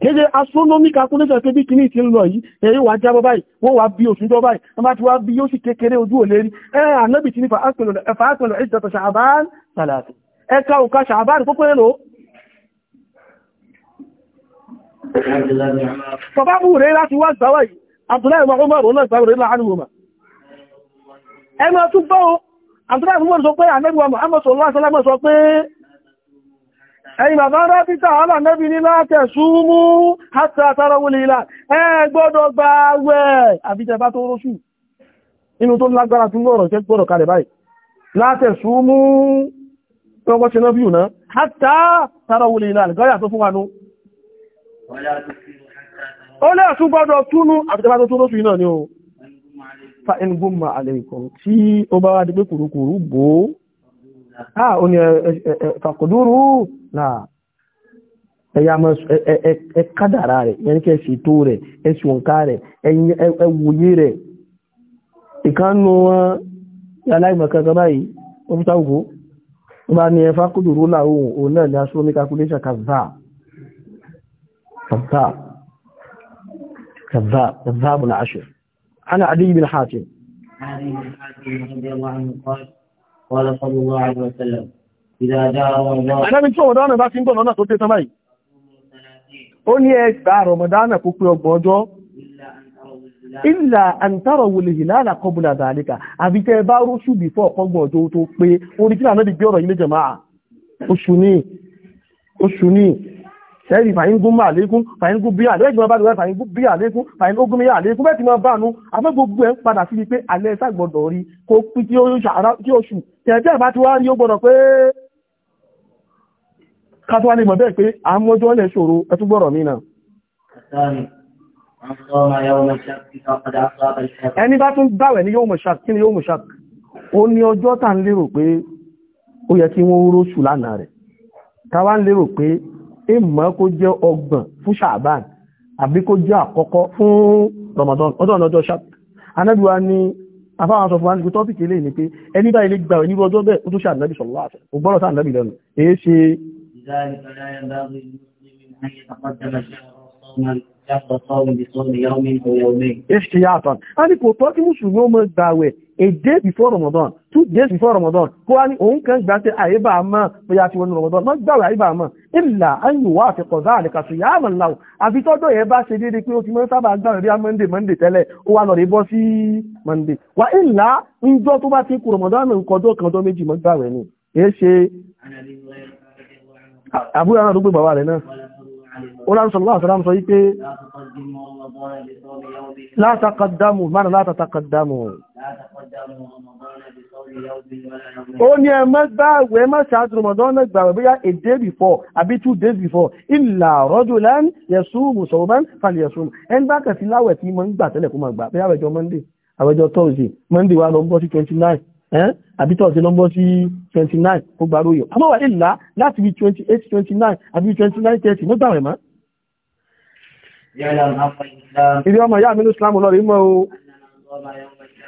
kéde astronomy calculation pé bí kìíní ti ń lọ yìí èyí wà jábọ́ báyìí wọ́n wà bí oṣù jọ báyìí wọ́n bá ti wá bí yóò sì kékeré ojú ò lérí ẹ ànábì ti ní fàákùnlọ ẹ̀fàákùnlọ ìjọta ṣàbáàn tàlàtì ẹ̀ka òka ṣàbáàn pópó ẹ̀lò Bàbá mú rẹ̀ láti wá gbáwà yìí, Abdullahi Umar Umar náà gbáwà rẹ̀ láàrin Umar. Ẹmọ tún bọ́ o, Abdullahi Umar sọ pé Anẹ́bíwa Muhammad sallallahu alaihi wasallam sọ pé, ẹ̀yin bàbá rápítà ọlá nẹ́bí ní láti ṣúmú àti àtàràwọlé ìlà, ẹ gbọ́dọ̀ gba wẹ̀ àbíjẹ bá tó rọ́ṣù. Inú tó lágbára tún lọ́rọ̀ jẹ́ ó lè tún gbọ́dọ̀ túnú àfitẹ́bá tó túnú náà ni o fa ingúnmà àlẹ́kọ̀ tí ó bá wá di pé kùrùkùrù bò á ó ní fàkùdúrú náà ẹ̀yà mọ́ ẹ kádàrà rẹ̀ yẹn kẹ́ ṣètò rẹ̀ ẹ ṣùnkà rẹ̀ ẹ wòye rẹ̀ ìkánu wọn aláìmọ̀kan kan báyìí ó fi táwùkú ó bá ní ẹ fàkùdúrú láhùn òun náà ní astronomy كذاب كذاب كذاب العشر عن عدي بن حاتم عدي بن حاتم رضي الله عنه قال قال صلى الله عليه وسلم إذا جاء رمضان أنا من شو رمضان بس يمكن أنا صوتي سمعي ó ní ẹgbà rọmọdánà kó pé ọgbọ̀n ọjọ́ ìlà àǹtàrọ̀ wòlè ìlànà kọbùlà dàníkà àbí tẹ́ bá róṣù bí fọ́ ọ̀pọ̀gbọ̀n ọjọ́ tó pé orí kí náà náà di gbé ọ̀rọ̀ ilé jẹ̀máà oṣù ní sẹ́rí fàyíngún máa lékún fàyíngún bí àlẹ́ ìgbìmọ̀ bá lọ́wọ́ fàyíngún bí àlékún fàyíngún bí àlékún bẹ́ẹ̀ tí wọ́n bá nu gbogbo ẹ̀ ń padà sí wípé alẹ́ sàgbọ́dọ̀ rí kó pí ó ṣù bá ti wá pé pé ṣòro ẹtú gbọ́rọ̀ mí náà. ẹni bá tún ní yóò ìmọ̀ kó jẹ́ ọgbọ̀n fún ṣàbán àbí kó jẹ́ àkọ́kọ́ fún Ramadan ọjọ́ ọjọ́ ṣáp anábíwá ni afáwọn sọ fún wa ní tọ́pìkì lè ní pé ẹni báyìí lè gbà ní ọjọ́ bẹ́ẹ̀ ó tó ṣàdínábì sọ̀rọ̀ láàṣẹ ògbọ́rọ̀ sáàdínábì lẹ́nu èé ṣe ìṣìyàtọ̀ a ní kò tọ́ kí mùsùlùmí ó mọ́ gbàwẹ̀ a day before Ramadan two days before Ramadan kó wá ní òun kan gbà pé àyíbá àmọ́ bóyá ti wọnú Ramadan wọ́n gbàwé àyíbá àmọ́ ìlà ayò wà fi kọ̀ záà nìkan sí yàrá làwọ̀ àfi tọ́jọ́ yẹn bá ṣe déédéé pé ó ti mọ́ sábà gbàwé bí i Monday Monday tẹ́lẹ̀ ó wà lọ́ọ́ rí bọ́ sí Monday wà ìlà ńjọ́ tó bá ti kú Ramadan nǹkanjọ́ kanjọ́ méjì mọ́ gbàwé ni èé ṣe àbúrò àwọn àdúgbò bàbá rẹ̀ náà olùsọ̀lọ́wọ́ látàkàdàmù mánà látàkàdàmù ó ní ẹ má gbààwẹ̀ ẹ má ṣáájú Ramadan náà gbààwẹ̀ bóyá a day before àbí two days before illa rajulan yasumu sawman falyasum ẹni bá kẹsí láwẹ̀ tí mo ń gbà tẹ́lẹ̀ kó máa gbà bóyá àwẹ̀jọ Monday àwẹ̀jọ Thursday Monday wa lọ ń sí twenty nine àbí tọ́sí lọ́mbọ́ sí 29 ó gbàrú yọ. a mọ́wàá ìlà láti bí 28 29 àbí 29 30 mọ́ gbàrẹ̀ mọ́. ìrẹ́ ọmọ ìyá mi mọ́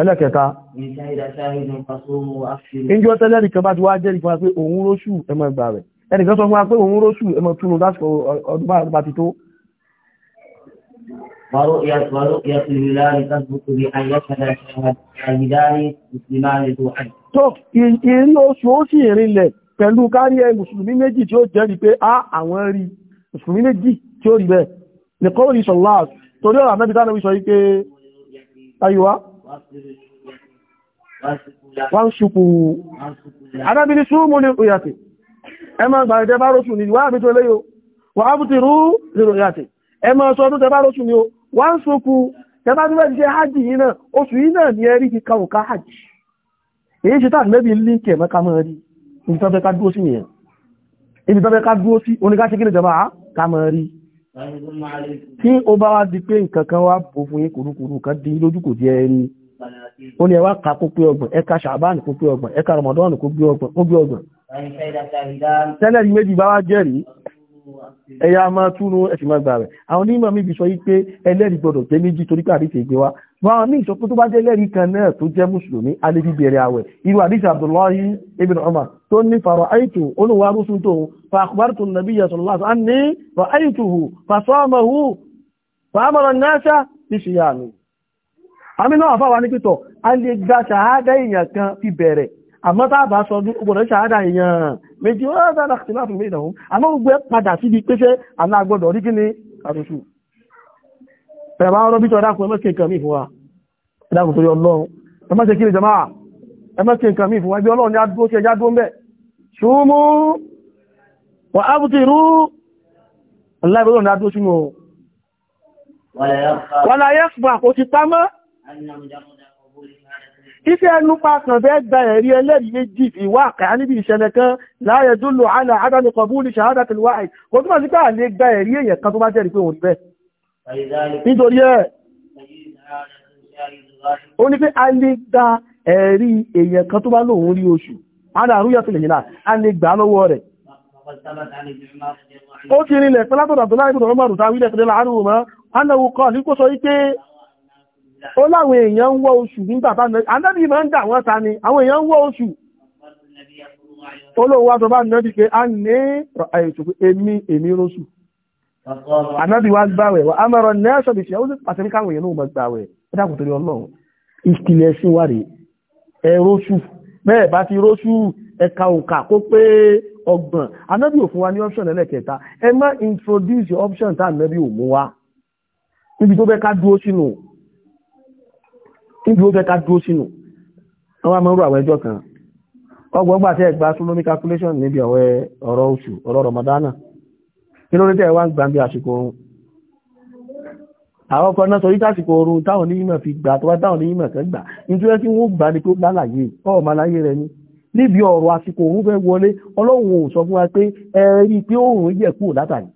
ẹlẹ́kẹta ìjọ tẹ́lẹ̀ nìkan bá ti wá jẹ́ nìkan pé òun róṣù ẹmọ ìgbà rẹ̀ ẹnìkan sọ fún wa pé òun róṣù ẹmọ túnú lásìkò ọdún bá ti tó tó ìrí oṣù ó sì ìrìnlẹ̀ pẹ̀lú kárí ẹ mùsùlùmí méjì tí ó jẹ́rìí pé á àwọn rí mùsùlùmí méjì tí ó rí bẹ́ẹ̀ nìkan ò rí sọ̀lá torí ọ̀rọ̀ àmẹ́bí tánàwí sọ wípé أيوة وانشقوا أنا بنسوم لرؤيتي أما بعد بارسوا نجوا بتوليو وأبطروا لرؤيتي أما صوتوا تبارسوا نيو وانشقوا tẹbá tí wọ́n jẹ́ hajji yìí náà oṣù yìí náà ni ẹrí kíkà òká hajji èyí ṣe tàbí lẹ́bí ilé kẹ mẹ́ka mọ́ rí ibi tọ́fẹ́ ká dúó sí yẹn ibi tọ́fẹ́ ká dúó sí oníkáṣẹ́kí lè jọba ká mọ́ rí tí ó bá wá di pé nǹkan kan wá bò fún yín kùrukùru kan di lójú kò jẹ ẹni ó ní ẹwà ká kó pé ọgbọ̀n ẹka ṣàbáàni kó pé ọgbọ̀n ẹka ramadan kó gbé ọgbọ̀n tẹ́lẹ̀ rí méjì bá wá jẹ́rìí ẹ̀yà máa túnú ẹ̀sìn máa gbà rẹ̀ àwọn onímọ̀ mi bí sọ yí pé ẹlẹ́rìí gbọ́dọ̀ jẹ́ méjì torí pé àdìsẹ̀ ìgbé wa wọn ní ìsọpọ̀ tó bá jẹ́ ẹlẹ́rìí kan náà tó jẹ́ mùsùlùmí alẹ́bí bẹ̀rẹ̀ àwẹ̀ irú àdìsẹ̀ Abdullahi ibn Umar tó ní fàrọ̀ àìtù olùwà rúṣun tó fa akhbartu an-nabiyya sallallahu alaihi wasallam anni ra'aytuhu fa samahu fa amara an-nasa bi siyami àmì náà fáwọn ní pítọ̀ a lè gba ṣàhádá èèyàn kan fi bẹ̀rẹ̀ àmọ́ tá a bá sọ ọdún gbọ́dọ̀ ṣàádà èèyàn méjì ó dára sí láti méjì náà àmọ́ gbogbo ẹ padà síbi pé ṣé àná agbọ́dọ̀ rí kí ni àtúnṣù bẹ̀rẹ̀ bá ń rọ́bí tó ẹ̀dàkùn ẹmọ́sí nǹkan mí fún wa ẹ̀dàkùn torí ọlọ́run ẹmọ́sí kí ni jama'a ẹmọ́sí nǹkan mí fún wa ibi ọlọ́run ya dúó ṣe ya dúó mẹ́ ṣúmú wà ábùtìrú ọláìbọ̀lọ́run ya dúó ṣúmú wà láyé fún àkó ti pamọ́ Iṣẹ́ ẹnu pàtàkì bẹ́ gba ẹ̀rí ẹlẹ́rìí méjì fi wá àkàyà níbi ìṣẹ̀lẹ̀ kan láàyẹ̀ tó lò àlà àdáni kọ̀bú ní ṣàhádà tó wáyé. Kò túnmọ̀ sí pé àlè gba ẹ̀rí èyẹ̀ kan tó bá jẹ́rìí pé òun bẹ́ẹ̀. Nítorí ẹ̀, ó ní pé a lè gba ẹ̀rí èyẹ̀ kan tó bá lòun rí oṣù. Àdà àrúyà ó láwọn èèyàn ń wọ́ oṣù nígbà bá nẹ́bí anábì máa ń dà wọ́n ta ni àwọn èèyàn ń wọ́ oṣù olóòwò wá nẹ́bí pé a ní àìsù pé èmi èmi rọ́sù anábì wá gbàwẹ̀ wà á mẹ́rọ nẹ́ẹ̀ṣọ́ bìí ó sì pàṣẹ ní káwọn èèyàn náà máa gbàwẹ̀ ẹ dákun torí ọlọ́run ìkìlẹ̀ sí wà rèé ẹ rọ́sù bẹ́ẹ̀ bá ti rọ́sù ẹ̀ka òǹkà kó pé ọgbọ̀n anábì ò fún wa ní option ẹlẹ́kẹta ẹ má introduce option tá anábì ò mú wa níbi tó fẹ́ ká dúró sínú níbi ó fẹ́ ká dúró sínú wọ́n wá mọ́rú àwọn ẹjọ́ kan ọgbọ̀n gbà tẹ́ gba astronomy calculation níbi ọ̀wẹ́ ọ̀rọ̀ oṣù ọ̀rọ̀ Ramadana kí ló rí tẹ́ wá ń gbà bí àsìkò oorun àwọn ọkọ̀ náà sọ yíká àsìkò oorun táwọn onímọ̀ fi gbà tó wá táwọn onímọ̀ kan gbà nítorí tí wọ́n gbà ní lálàyé rẹ ni níbi ọ̀rọ̀ àsìkò oorun fẹ́ wọlé ọlọ́run ò sọ fún wa pé ẹ rí i pé oorun yẹ kúrò látàrí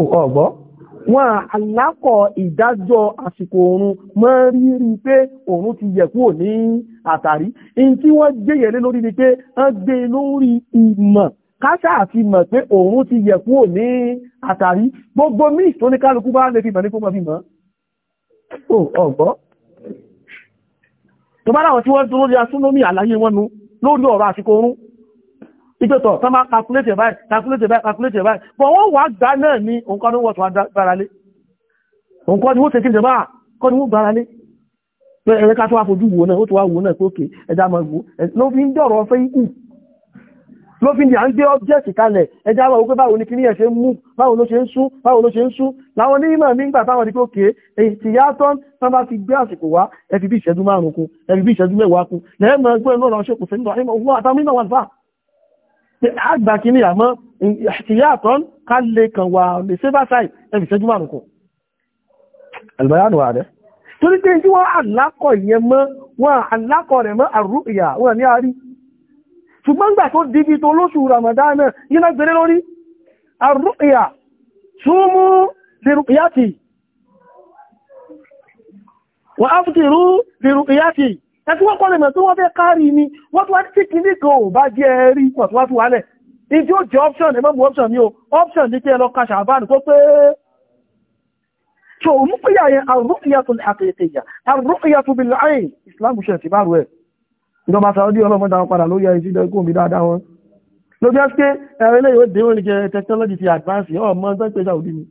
ọ̀gbọ́n wọn àlákọ̀ ìdájọ́ àsìkò oorun mọ́ rí rí pé oorun ti yẹ kúrò ní àtàrí in tí wọ́n gbéyẹ̀ lé lórí ni pé wọ́n gbé e lórí ìmọ̀ káṣà àti mọ̀ pé oorun ti yẹ kúrò ní àtàrí gbogbo míì tó ní kálukú bá lè fi mọ̀ ní kó mọ̀ fi mọ̀ ọ̀gbọ́ tó bá láwọn tí wọ́n dúró di astronomy àlàyé wọn nu lórí ọ̀rọ̀ àsìkò oorun ìgbẹ́tọ̀ tán bá calculate báyìí calculate báyìí calculate báyìí but wọ́n wà gbá náà ní òǹkọ́ ní wọ́n tó gbára lé òǹkọ́ ni wọ́n tẹ́kí ìjọba kọ́ ni wọ́n gbára lé ẹ̀rẹ́ ká tó wá fojú wo náà ó tó wá wo náà pé òkè ẹja máa wo ló fi ń dọ̀rọ̀ fẹ́ ikú ló fi ń di à ń gbé ọ́bjẹ́ẹ̀tì kalẹ̀ ẹja máa wo pé báwo ni kí ní ẹ̀ ṣe ń mú báwo ló ṣe ń sún báwo ló ṣe ń sún láwọn onímọ̀ nígbà táwọn ní pé òkè èyí ti yá tán tán bá fi gbé àsìkò wá ẹ fi bí ìṣẹ́jú márùn-ún kún ẹ fi bí ìṣẹ́jú mẹ́wàá kún lẹ́ẹ̀mọ̀ ẹgbẹ́ náà ṣe kò fẹ́ nígbà àtàwọn mímọ̀ wà nípa àgbà kìíní àmọ́ ìyàtọ̀ ká lè kàn wà lè sébáṣáì ẹbì ìṣẹ́jú márùn kù albayanu wà rẹ̀ torí pé tí wọ́n alákọ̀ ìyẹn mọ́ wọ́n alákọ̀ rẹ̀ mọ́ àrú ìyà wọ́n ní àárí ṣùgbọ́n gbà tó dìbì tó lóṣù ramadana ẹ̀tí wọ́n kọ́nà ìmọ̀ tó wọ́n fẹ́ kárí ni wọ́n tó wá tí kí ní kan ò bá jẹ́ rí pọ̀ tó wá tó wálẹ̀ ní tí ó jẹ́ option ẹ̀mọ́ mú option ní o option ní kí ẹ lọ ka ṣàbánu kó pé so mú pé yàyẹn arúkìyàtò àkẹyẹkẹyà arúkìyàtò bí láàyè Islam ṣe ti bá rú ẹ̀ ìjọba Saudi ọlọ́mọdé àwọn padà lórí ayé sídẹ̀ ikú mi dáadáa wọn ló jẹ́ pé ẹ̀rọ ilé ìwé dé orí jẹ technology ti advance ọmọ ọjọ́ ìpè Saudi ni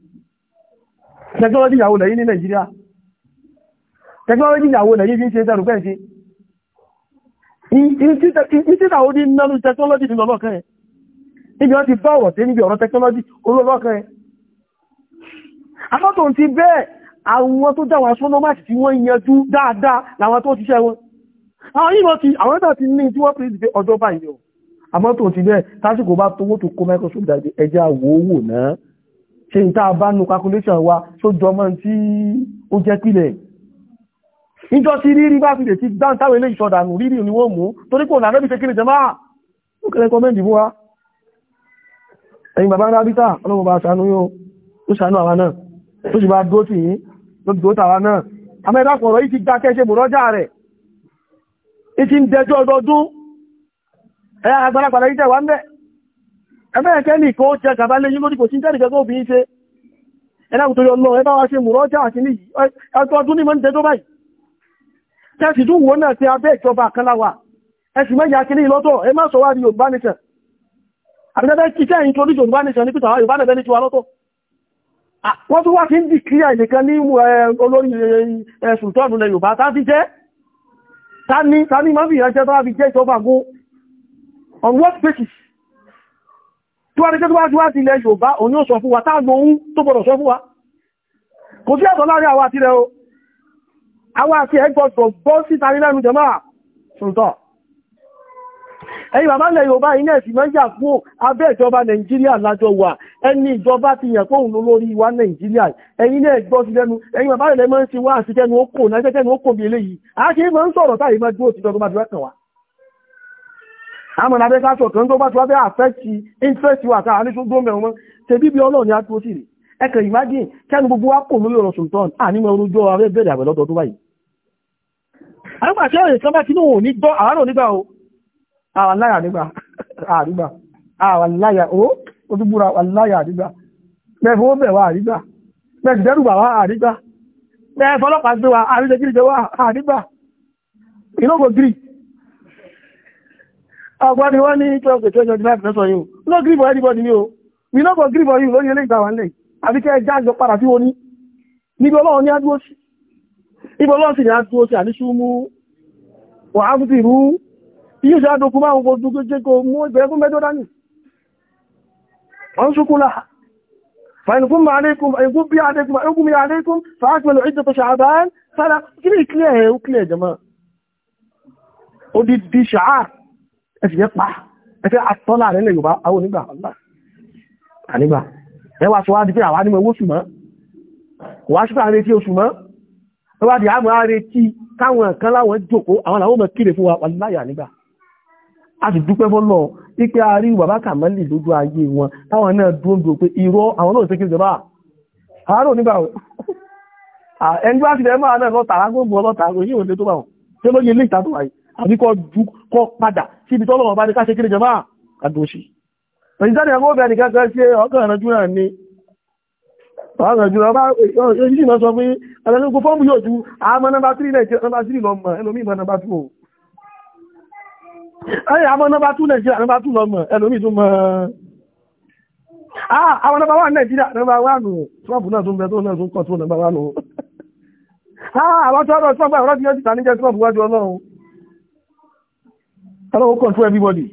technology ìyàwó lẹ́yìn ní Nàìjíríà technology ìyàwó lẹ́yìn fi ń ṣe sẹ́rù pẹ́ǹsì ìtítà ó ní nánú technology nínú ọlọ́kan ẹ̀ níbi wọ́n ti bá ọ̀rọ̀ tí níbi ọ̀rọ̀ technology olólọ́kan ẹ̀ afọ́tò ti bẹ́ẹ̀ àwọn tó dáwọn astronomers tí wọ́n yanjú dáadáa láwọn tó ṣiṣẹ́ wọn àwọn yìí ti àwọn ẹ̀dà ti ní tí wọ́n pè ní ọjọ́ báyìí àmọ́ tó ti bẹ́ẹ̀ tásìkò bá tówó tó kó Microsoft dàbí ẹja wòówò náà ṣe ìta bá nu calculation wa tó jọmọ́ tí ó jẹ́ pìlẹ̀ níjọ́ sí rírí bá fi lè ti dáhùn táwọn eléyìí sọ̀dànù rírí ni wọ́n mú torí pò lànà bí kékeré jẹmá ó kẹrẹ kọmẹ́ndì fún wa ẹ̀yin bàbá ńlá bíta ọlọ́mọ bá ṣàánú yóò ó ṣàánú àwa náà ó sì bá dó tì yín ló dó tàwa náà àmọ́ ẹ̀dá sọ̀rọ̀ yìí ti dá kẹ́ ṣe mò rọ́jà rẹ̀ ìtì ń dẹjọ́ ọdọọdún ẹ̀yà agbálagbàlá yìí tẹ̀wà ń bẹ̀ ẹgbẹ́ ẹ̀kẹ́ ní kó jẹ gàbá lé yí lórí kò sí jẹ́ ìgẹ́gẹ́ obìnrin ṣe ẹ̀dá kò tó yọ lọ ẹbá wa ṣe mùrọ́jà àti ní ọdún ní mọ́ ń dẹjọ́ báyìí tẹ́sì tún wò náà tí abẹ́ ìjọba kanáwà ẹ̀sì mẹ́yà kiri lọ́tọ̀ ẹ má sọ wá di Yorùbá nìṣẹ̀ àbẹ́bẹ́ kíkẹ́ yìí tó ní Yorùbá nìṣẹ̀ ní pìtàwà Yorùbá nìṣẹ̀ ní tiwa lọ́tọ̀ wọ́n tún wá fi ń dì kí àìlèkan ní olórí sultan ilẹ̀ Yorùbá tá ti jẹ́ tani tani máa fi ìrànṣẹ́ tó wá fi jẹ́ ìjọba gún on what basis tí wá ní kí tó wá ti wá ti ilẹ̀ Yorùbá òun yóò sọ fún wa táàgbò ohun tó gbọdọ̀ sọ fún wa kò sí àtọ̀ láàrin àwọn àti ẹgbọ́gbọ̀ bọ́ síta ní lẹ́nu jẹmọ́ ṣùntọ́ ẹ̀yìn bàbá ilẹ̀ Yorùbá iná ẹ̀sì mẹ́jà fún abẹ́ ìjọba Nàìjíríà lájọ wà ẹni ìjọba ti yẹ̀ fóhùn lórí wa Nàìjíríà ẹ̀yìn náà gbọ́ lẹ́nu ẹ̀yìn bàbá ilẹ̀ mọ́ sí wá sí a àgbà tí ọ̀rẹ́ kan bá ti lóhùn ní gbọ́ àárọ̀ nígbà o àwàláyà nígbà àrígbà àwàláyà o ojúgbúra àwàláyà àrígbà mẹ́fẹ́ ó bẹ̀ wá àrígbà mẹ́fẹ́ dẹ́rùbà wá àrígbà mẹ́fẹ́ ọlọ́pàá gbé wa àríjẹ gírí jẹ wá àrígbà ìlógo gírí àgbàdì wọ́n ní twelve twenty twenty five lọ́sọ̀ yìí o no gree for anybody ni o we no go gree for you lórí eléyìí tàwọn lẹ́yìn àbíkẹ́ jáàjọ padà sí oní níbi ọlọ́run ní adúró sí ibo lọ́n sì ní a dúró sí àníṣúmú wà á fún ìrú iye ṣe àdókù máa ń kò dúkú jẹ́ kò mú ìbẹ̀ẹ́kún mẹ́jọ dání wọ́n ṣúkú láà fàìlùkún ma alékún ẹgbùn bí alékún ẹgbùn mi alékún fàájúmọ̀lù ìjọ tó ṣàbán sára kí ní ìkílẹ̀ ẹ̀ ó kílẹ̀ jẹmọ́ ó di di ṣàá ẹ̀sì yẹ pa ẹ̀fẹ́ àtọ́lá rẹ̀ Yorùbá àwọn onígbà ànígbà wá di àmà àrètí káwọn kan láwọn jòkó àwọn àwọn ọmọ kíre fún wa wà láyà nígbà a sì dúpẹ́ fọ́lọ́ ipé a rí bàbá kàmálì lójú ayé wọn táwọn náà dúndò pé irọ́ àwọn náà sékè jọba àárò nígbà ẹni bá sílẹ̀ máa náà lọ́ta agbóhùn ọlọ́ta agbó yíò lé tó bá wọn tí ló yẹ ilé ìta tó wáyé àbí kọ́ ju kọ́ padà síbi tọ́lọ́wọ́ bá ọ̀rọ̀ jù ọba èyí eh, eh, náà sọ pé ẹlẹ́gbẹ̀ẹ́ fọ́ọ̀mù yóò ju àmọ́ nọ́mbà 3 nàìjíríà nọ́mbà 3 lọ mọ̀ ẹlòmí mọ̀ nọ́mbà 2 o ẹ̀yìn àmọ́ nọ́mbà 2 nàìjíríà nọ́mbà 2 lọ mọ̀ ẹlòmí tó mọ̀ àwọn nọ́mbà 1 nàìjíríà nọ́mbà 1 nù trump náà tó ń bẹ tó náà tó ń kọ̀ tó nọ́mbà 1 nù àwọn tó ọ̀rọ̀ trump àwọn tó ti tà níjẹ́ trump wájú ọlọ́run ọlọ́run control everybody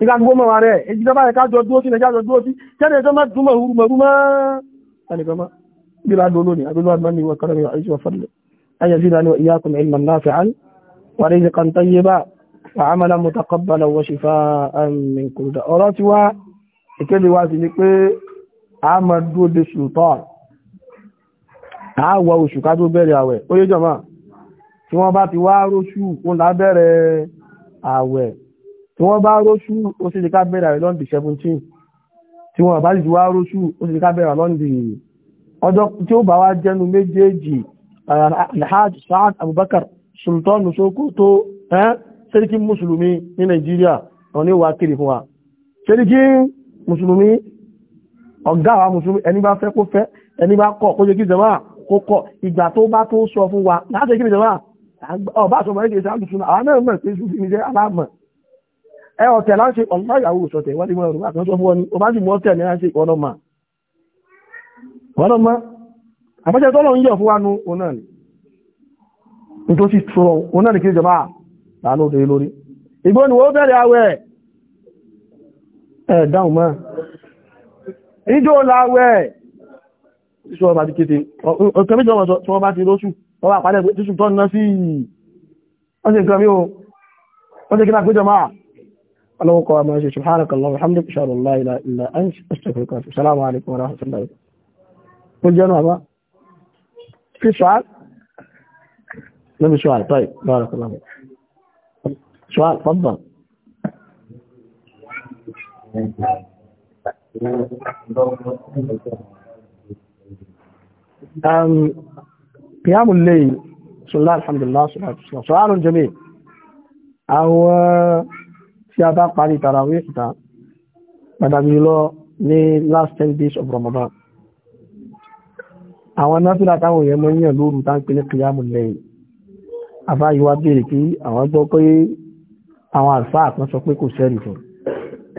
nígbà gbogbo mọ̀ wà rẹ̀ èjì tó bá rẹ̀ ká jọ dúró sí nàìjíríà jọ dúró sí kẹ́ni ẹjọ́ má dúmọ̀ rúmọ̀ rúmọ̀ أنكما بلا دولوني أقول بعد مني وكرمي وعيش وفضل أن يزيدني وإياكم علما نافعا ورزقا طيبا وعملا متقبلا وشفاء من كل داء ọ̀rọ̀ tí wá ìkéde wá sí ni pé a máa dúró de sultan a wọ oṣù ká tó bẹ̀rẹ̀ àwẹ̀ ó yé jọmọ́ tí wọ́n bá ti wá róṣù ó là bẹ̀rẹ̀ àwẹ̀ tí wọ́n bá róṣù ó sì ti ká bẹ̀rẹ̀ àwẹ̀ lọ́ndì 17 tí wọ́n bá jù wá róṣù ó sì ká bẹ̀rẹ̀ lọ́ndì ọjọ́ tí ó bá wá jẹnu méjèèjì alhaj saad abubakar sultan sokoto sẹ́ríkí mùsùlùmí ní nàìjíríà wọ́n ní kiri fún wa sẹ́ríkí mùsùlùmí ọ̀gá àwọn mùsùlùmí ẹni bá fẹ́ kó fẹ́ ẹni bá kọ̀ kó jẹ́ kí jẹ́mà kó kọ̀ ìgbà tó bá tó sọ fún wa láti kí jẹ́mà ọba àtọmọ̀ ẹ̀kẹ́ sáà ẹ ọ̀tẹ̀ láti ọ̀nà ìyàwó ìṣọ̀tẹ̀ wọ́n ti mọ́ ọ̀rọ̀ àkànṣọ́ fún wọn ọba sì mọ́ ọ̀tẹ̀ ní láti ọ̀nà mà ọ̀nà mà àbájá tọ́lọ̀ ń yọ̀ fún wánú ọ̀nà ni nítòsí tọrọ ọ̀nà ni kí jọba láàánú òde lórí ìgbó ni wọ́n bẹ̀rẹ̀ awẹ́ ẹ̀ dáhùn mọ́ ìjọ láwẹ́ ìṣọ́ ọba ti kété ọ̀kẹ́ méjì ọmọ tí wọ́n bá ti lóṣù wọ́n bá pàdé tíṣù tọ́ أنا أقوى سبحانك اللهم وبحمدك إن شاء الله لا إله إلا أنت أستغفرك وأتوب السلام عليكم ورحمة الله وبركاته في سؤال نبي سؤال طيب بارك الله فيك سؤال تفضل أم قيام الليل بسم الله الحمد لله سؤال جميل أو tí a bá parí tàràwé ìta pàdàbí lọ ní last ten days of Ramadan àwọn náfílà táwọn èèyàn mọ́ yíyàn lóòrùn tá ń pè ní kìyàmù lẹ́yìn àbá ìwà bèèrè kí àwọn gbọ́ pé àwọn àlfáà kan sọ pé kò sẹ́rì fún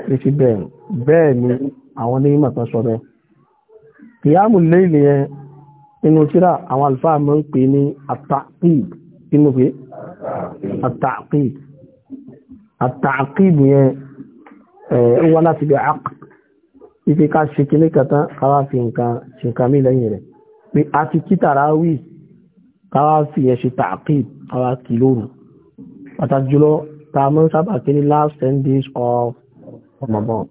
títí bẹ́ẹ̀ bẹ́ẹ̀ ni àwọn onímọ̀ kan sọ bẹ́ẹ̀ kìyàmù lẹ́yìn yẹn nínú tíra àwọn àlfáà mọ́ ń ní àtàkìb kí mo pè àtàkìbù yẹn ó wá láti bí àk ife ká ṣe kí ní kàtán káwá fi nǹkan ṣe nǹkan mí lẹ́yìn rẹ̀ pé a ti kí tàràwì káwá fi yẹn ṣe tàkìb káwá kì lóru pàtàkì jùlọ ta mọ́ sábà kí ní last ten days of Ramadan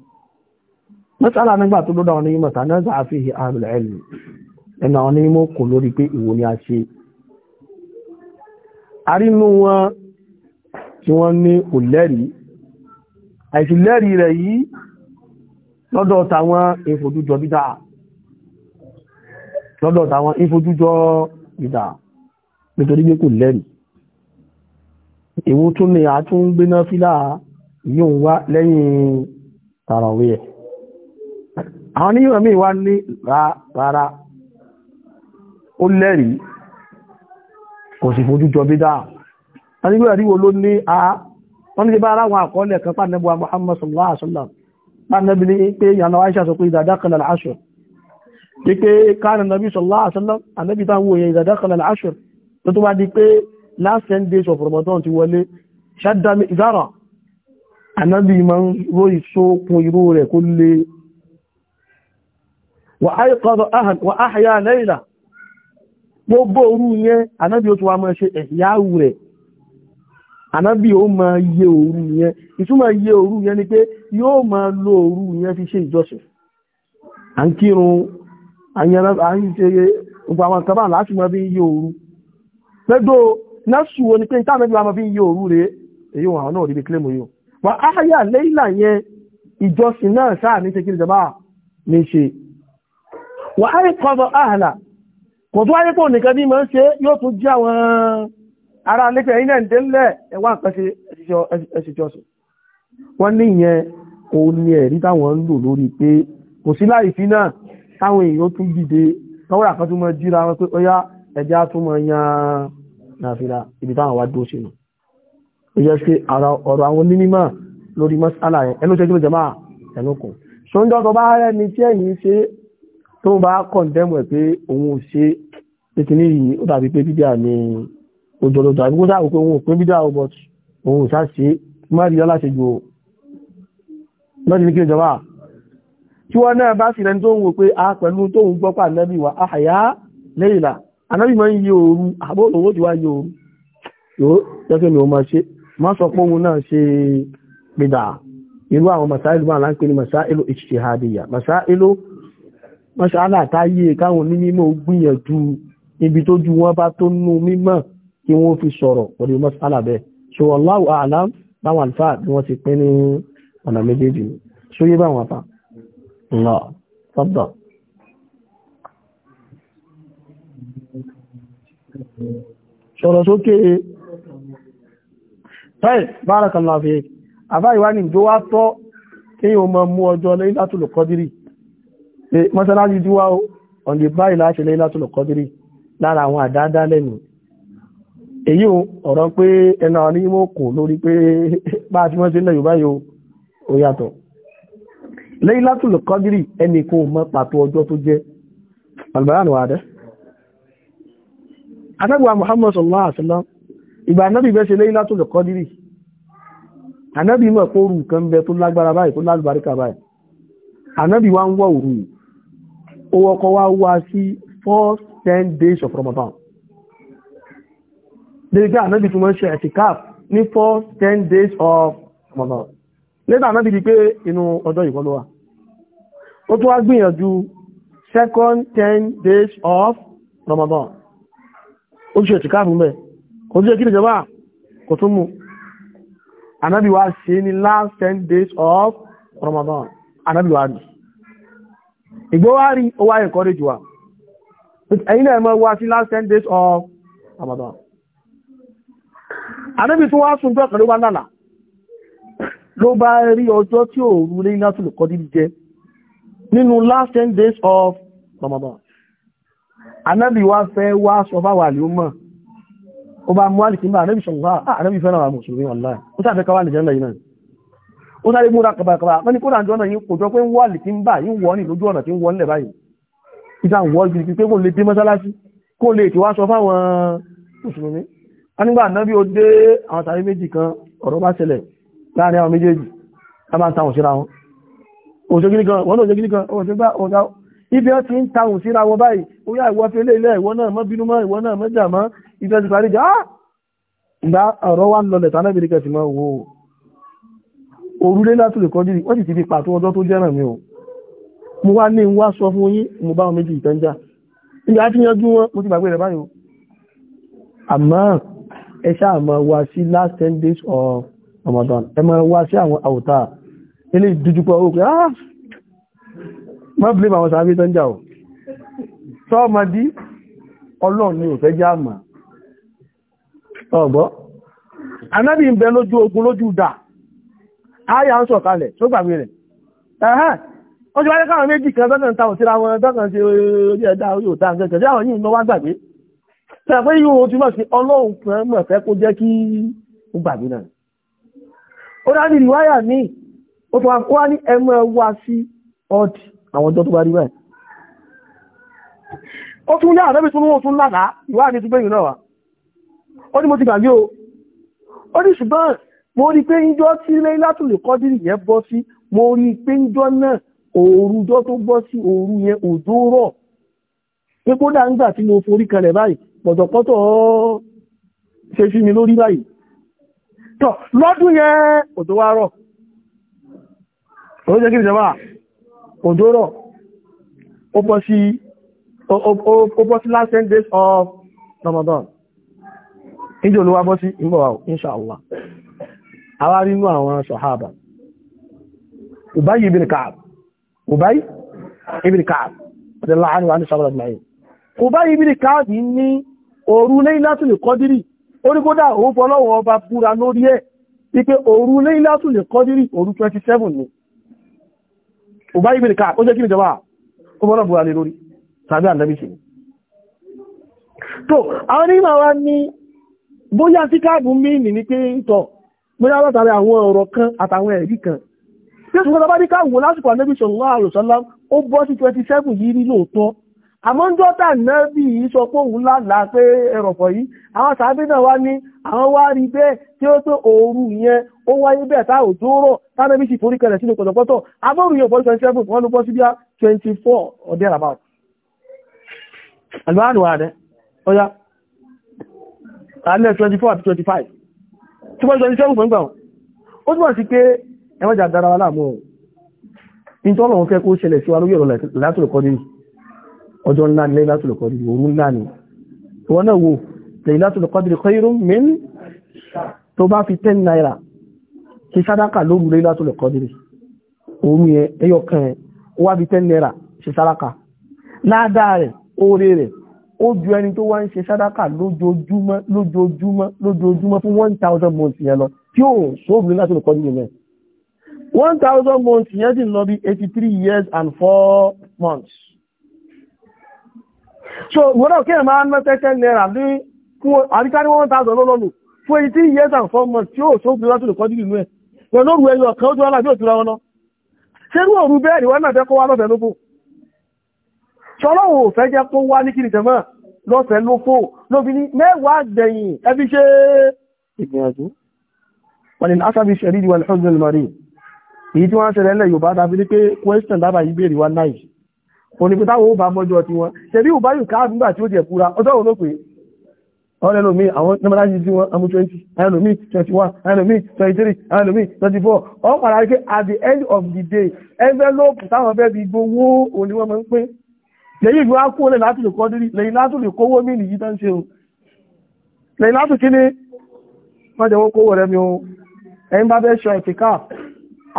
mọ́sálà nígbà tó lọ́dọ̀ ọ̀nà ìmọ̀ tàná zàá fi hì àrùn ẹ̀lù ẹ̀nà ọ̀nà ìmọ̀ kò lórí pé ìwò ni a ṣe arínú wọn tí wọ́n ní kò lẹ́rìí àìsí lẹ́rìí rẹ̀ yìí lọ́dọ̀ tàwọn ìfòjújọ bídá lọ́dọ̀ tàwọn ìfòjújọ bídá nítorí pé kò lẹ́rìí ìwó tún ni a tún ń gbéná fílà yóò wá lẹ́yìn tàràwé ẹ̀ àwọn oníyàn míì wá ní rárá ó lẹ́rìí kò sì fojú jọ bídá àníwé àríwò ló ní a wọ́n ní bá aráwọn àkọọ́lẹ̀ kan pàdánẹ́bùwa Muhammad sallallahu alaihi wasallam pàdánẹ́bì ní pé yànà Aisha sọ pé ìdàdákan al-ashur ní pé káàrẹ̀ nàbí sallallahu alaihi wasallam ànẹ́bì táwọn èèyàn ìdàdákan al-ashur tó tó bá di pé last ten days of Ramadan ti wọlé ṣáàdámi ìzára ànẹ́bì máa ń ró ìṣókun irú rẹ̀ ànábì ó máa yẹ òru yẹn ìtumọ̀ yẹ òru yẹn ni pé yóò máa lo òru yẹn fi ṣe ìjọsìn à ń kírun à àwọn nǹkan báyìí láti máa fi yẹ òru lẹ́dọ̀ násù wo ni pé máa fi yẹ òru rèé èyí wọn náà rí kílẹ̀mù yìí wà áyà lẹ́yìnlá yẹn ìjọsìn náà sáà ní jọba ní ṣe kọ́ ara nígbẹ̀ ilẹ̀ ń délẹ̀ ẹwà nǹkan ṣe ẹṣìjọsìn wọ́n ní ìyẹn òun ni ẹ̀rí táwọn ń lò lórí pé kò sí láì fi náà táwọn èèyàn tún dìde tọ́wọ́rà kan tún mọ jíra wọn pé ó yá ẹja tún mọ yan nàfìlà ibi táwọn wá dúró sínú ó yẹ ṣe ọ̀rọ̀ àwọn onímọ̀ lórí mọ́sálà yẹn ẹnu ṣẹ́jú jẹ́mà ẹnu kù ṣóńjọ́ tó bá rẹ̀ ni tí ẹ̀yìn ṣe tó bá kọ̀ǹdẹ́mù ẹ̀ pé òun ò ṣe pé kìíní yìí ó dàbí pé bíbí àmì òjòlòtò àbíkó sáà wípé òun òpin bídá ọgbọ̀ òun ìsá sí mẹ́rin láti jù mẹ́rin ní kí ìjọba tí wọ́n náà bá sì rẹni tó ń wò pé ah, a pẹ̀lú tó ń gbọ́pà nẹ́bí wa àhàyá lẹ́yìnlá anábì máa ń yí ooru àbó òwò ti wá yí ooru yóò jẹ́kẹ́ mi ò máa ṣe má sọ pé òun náà ṣe bídà irú àwọn masáìlú máa láńpẹ́ ní masáìlú kí wọ́n fi sọ̀rọ̀ pẹ̀lú mọ́sálà bẹ́ẹ̀ so wallahu a'lam láwọn àlùfáà bí wọ́n ti pín ní ọ̀nà méjèèjì ni so yé báwọn àfà ńlọ fọ́dọ̀ sọ̀rọ̀ sókè tẹ́ẹ̀ barakallahu fi àfá ìwá ní ìjọ wá tọ́ kí yíò mọ mú ọjọ́ Laylatul Qadri mọ́sálásí díwá èyí o ọ̀rọ̀ pé ẹnu àwọn onímọ̀ kò lórí pé bá a ti wọ́n ṣe lẹ́yìn báyìí ó yàtọ̀ Laylatul Qadri ẹnì kò mọ pàtó ọjọ́ tó jẹ́ albaran wa dẹ́ atẹ́gbà Muhammad sallallahu alaihi wasallam ìgbà anábì bẹ́ ṣe Laylatul Qadri anábì mọ̀ kó rù kan bẹ tó lágbára báyìí tó lágbàríkà báyìí first ten days of Ramadan dèrègbé ànábì tí wọ́n ṣe ẹ̀tìkáf ní first ten days of Ramadan later ànábì di pé inú ọjọ́ ìwọ́ ló wà ó tún wá gbìyànjú second ten days of Ramadan ó ṣe ẹ̀tìkáf mẹ́ kò tún ṣe kí ni jọba kò tún mú ànábì wá ṣe ní last ten days of Ramadan ànábì wá rí ìgbówárí ó wá encourage wa ẹ̀yin náà mọ́ wá sí last ten days of Ramadan anábì tó wá sùn jọ́kàn ló bá lálà ló bá rí ọjọ́ tí òru lé látùlù kọ́ dídí jẹ nínú last ten days of Ramadan anábì wá fẹ́ wá sọ fáwà lè mọ̀ ó bá mú àlìkí bá anábì sọ̀rọ̀ anábì ah, fẹ́ràn àwọn mùsùlùmí ọ̀la ó sáfẹ́ káwà lè jẹ́nà yìí náà ó sáré múra kàbàkàbà wọ́n ní kó dàjọ́ náà yìí kò jọ pé ń wọ́ àlìkí bá yìí wọ́ ní lójú ọ̀nà tí ń wọ́ nílẹ̀ báyìí ìjà ń wọ́ ibi pé kò lè dé mọ́sálásí kò lè tí wá sọ fáwọn mùsùlùmí nígbà ànábì ó dé àwọn tàbí méjì kan ọ̀rọ̀ bá ṣẹlẹ̀ láàrin àwọn méjèèjì a máa ń tàwọn síra wọn òṣèkí nìkan wọ́n náà òṣèkí nìkan òṣèkí ọ̀gá ibi ọ́ ti ń tàwọn síra wọn báyìí ó yá ìwọ fẹ́lẹ̀ ilẹ̀ ìwọ náà mọ́ bínú mọ́ ìwọ náà mọ́jà mọ́ ìfẹ́ ti parí jà á ah! ìgbà ọ̀rọ̀ wa ń lọlẹ̀ tànábì ẹ ṣáà máa sí last ten days of Ramadan ẹ máa wá sí àwọn àwòtá ilé ìdújúpọ̀ owó pé ah má blame àwọn sàábí tó ń jà ma sọ́ọ̀mọ́dí ọlọ́run ni ò fẹ́ jẹ́ àmà ọ̀gbọ́ anábì ń bẹ lójú ogun lójú dà áyà ń sọ̀kalẹ̀ tó gbàgbé rẹ̀ ẹ̀hẹ́n ó ti wáyé káwọn méjì ta òtíra wọn tọ́kàn ṣe orí ẹ̀dá orí òtá tẹ́fẹ́ yóò tí wọ́n sí ọlọ́run kan mọ̀ fẹ́ kó jẹ́ kí ó gbàgbé náà ó dá ní ìwáyà ní ó tó wá ní ẹmọ ẹwà sí ọdí àwọn ọjọ́ tó bá rí báyìí ó tún ní àrẹ́bí tó lówó tún lára ìwáyà ní ti gbẹ̀yìn náà wá ó ní mo ti gbàgbé pọ̀tọ̀pọ̀tọ̀ ṣe sí mi lórí báyìí tọ̀ lọ́dún yẹn òjò wá rọ̀ òjò kí ìjọba òjò rọ̀ ó bọ́ sí last 10 days of Ramadan ìjọ olówá bọ́ sí ìgbọ̀wà inṣàlá àwa rí inú àwọn sọ̀hábà Ubay ibn Ka'ab Ubay ibn Ka'ab radiyallahu anhu wa kò bá ibi káàdì ní òru Laylatul Qadri oríkódà òun fọlọ́wọ́ ọba búra lórí ẹ̀ wípé òru Laylatul Qadri òru 27 ni kò bá ibi káàdì ó jẹ́ kí ni jọba kó bọ́lọ̀ búra lé lórí tàbí àndẹ́bìsì tó àwọn onímọ̀ wa ní bóyá sí káàbù mí ní pé ìtọ̀ bóyá látàrí àwọn ọ̀rọ̀ kan àtàwọn ẹ̀rí kan tí ó sì kọ́ lọ bá ní káàwò àmọ́ ń dọ́tà náàbì yìí sọ pé òun lálàá pé ẹrọ̀pọ̀ yìí àwọn sàábí náà wá ní àwọn wá rí bẹ́ẹ̀ tí ó tó òru yẹn ó wáyé bẹ́ẹ̀ tá ò tó rọ̀ tánàbí sì forí kẹlẹ̀ sínú pọ̀tọ̀pọ̀tọ̀ abọ́rù yẹn bọ́ọ̀lù twenty seven wọ́n ló bọ́ twenty four or there about. àlùbáàlù wa rẹ̀ twenty four twenty five tí twenty seven fún gbà ó túmọ̀ sí pé ẹ̀wọ́n jà dára wa láàmú ọ̀ ọjọ́ ńlá ní Laylatul Qadr òru ńlá ni wọ́n náà wò Laylatul Qadr khairun min tó bá fi 10 naira ṣe sàdákà lóru Laylatul Qadr òru yẹn ẹyọ kan ẹ̀ ó wá fi 10 naira ṣe sàdákà ládàá rẹ̀ oore rẹ̀ ó ju ẹni tó wá ń ṣe sàdákà lójoojúmọ́ fún 1000 months yẹn lọ tí ó sóòrùn Laylatul Qadr yẹn 1000 months yẹn sì lọ bí 83 years and 4 months so wọ́n náà kéèyàn máa ń ná tẹ́tẹ́ náírà ní àríkárí one thousand lọ́lọ́lù fún èyí tí years and four months tí yóò sófin látòlù kọjú nínú ẹ̀ pẹ̀lú òru ẹyọ kan ó tún wá bí òtún lọ́wọ́ náà ṣé irú òru bẹ́ẹ̀ ni wọ́n náà fẹ́ kó wá lọ́fẹ̀ẹ́ lófò ṣọlọ́wọ́ fẹ́ jẹ́ kó wá ní kìnnì tẹ̀mọ́ lọ́fẹ̀ẹ́ lófò lóbi ní mẹ́wàá gbẹ̀yìn ẹbí ṣe ìgbìyànjú wọn ni asabi ṣẹ̀rí ìwà ìṣọ́jú ìlú mọ́rí èyí tí wọ́n ń ṣẹlẹ̀ lẹ́yìn Yorùbá tàbí pé question dábàá yìí béèrè òní bá mọ́jọ́ ti wọn ṣẹ̀bí ò bá yìí káàkiri nígbà ó jẹ́ kúra ọjọ́ òun ló àwọn nọ́mọ́lájì tí wọ́n amú 20 ẹlòmí 21 24 ọ̀n pàdà wípé at the end of the day envelope táwọn fẹ́ fi gbowó òní wọ́n máa ń pín lẹ́yìn ìlú ákú lẹ́yìn látò lè kọ́dírí lẹ́yìn látò lè kówó mí nìyí tán ṣe o lẹ́yìn látò kí ni wọ́n jẹ́ wọ́n kówó rẹ̀ mi o ẹ̀yin bá fẹ́ ṣọ ìtìká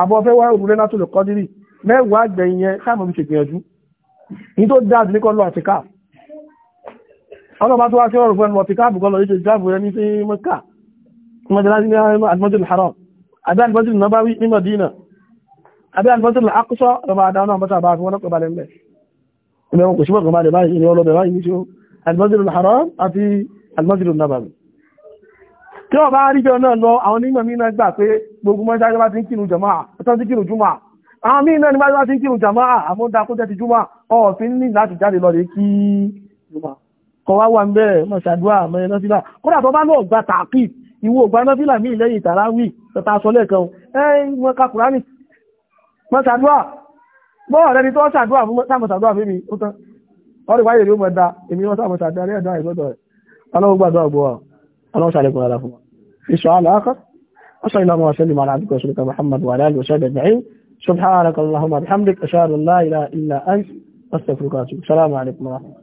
àbọ̀ fẹ́ wá òrùlé látò lè kọ́dírí mẹ́wàá gbẹ̀yìn yẹn káàmù fi ṣègbìyànjú ní tó dáàbì ní kọlọ àtìká ọlọ́pàá tó wá sí ọ̀rọ̀ fún ẹnu ọ̀tìká bùkọlọ yíṣe ìjáàbù rẹ ní sí mẹ́kà mọ́jọ́lájúmọ́ haram àbí alifọ́jú nàbáwí ní Madina àbí alifọ́jú àkúṣọ́ ọba adáwọn àbọ́ta bá fi wọ́n náà balẹ̀ ńbẹ̀ ìbẹ̀ wọn kò sí mọ́kànlá lè báyìí ní ọlọ́bẹ̀ báyìí ní ṣó alifọ́jú haram àti alifọ́jú nàbáwí tí wọ́n bá rí jọ náà lọ àwọn onímọ̀ mí náà gbà pé gbogbo mọ́ ìdájọ́ bá àwọn mí ọ̀fin ní láti jáde lọ rẹ̀ kí kọ wá wà ń bẹ̀rẹ̀ mọ̀ ṣàdúrà mọ̀ ẹ̀nà fílà kódà tó bá náà gba tààkì ìwò ògbà náà fílà míì lẹ́yìn tàràwì tẹta aṣọ lẹ́ẹ̀kan ẹ̀ mọ̀ ka Kùránì mọ̀ ṣàdúrà bọ́ ọ̀rẹ́ ni tó ṣàdúrà fún sáàmọ̀ ṣàdúrà fún mi ó tán ọ̀rẹ́ wáyé rí ó mọ̀ ẹ̀dá èmi wọ́n sáàmọ̀ ṣàdúrà rẹ̀ ẹ̀dá ìgbọ́dọ̀ rẹ̀ ọlọ́run gbàdúrà gbọ́ wa ọlọ́run ṣàlékún ara fún wa fi sọ àlàákà أصلي اللهم وسلم على عبدك ورسولك محمد وعلى آله وصحبه أجمعين سبحانك اللهم وبحمدك أشهد أن لا إله إلا أنت أستغفرك السلام عليكم ورحمة الله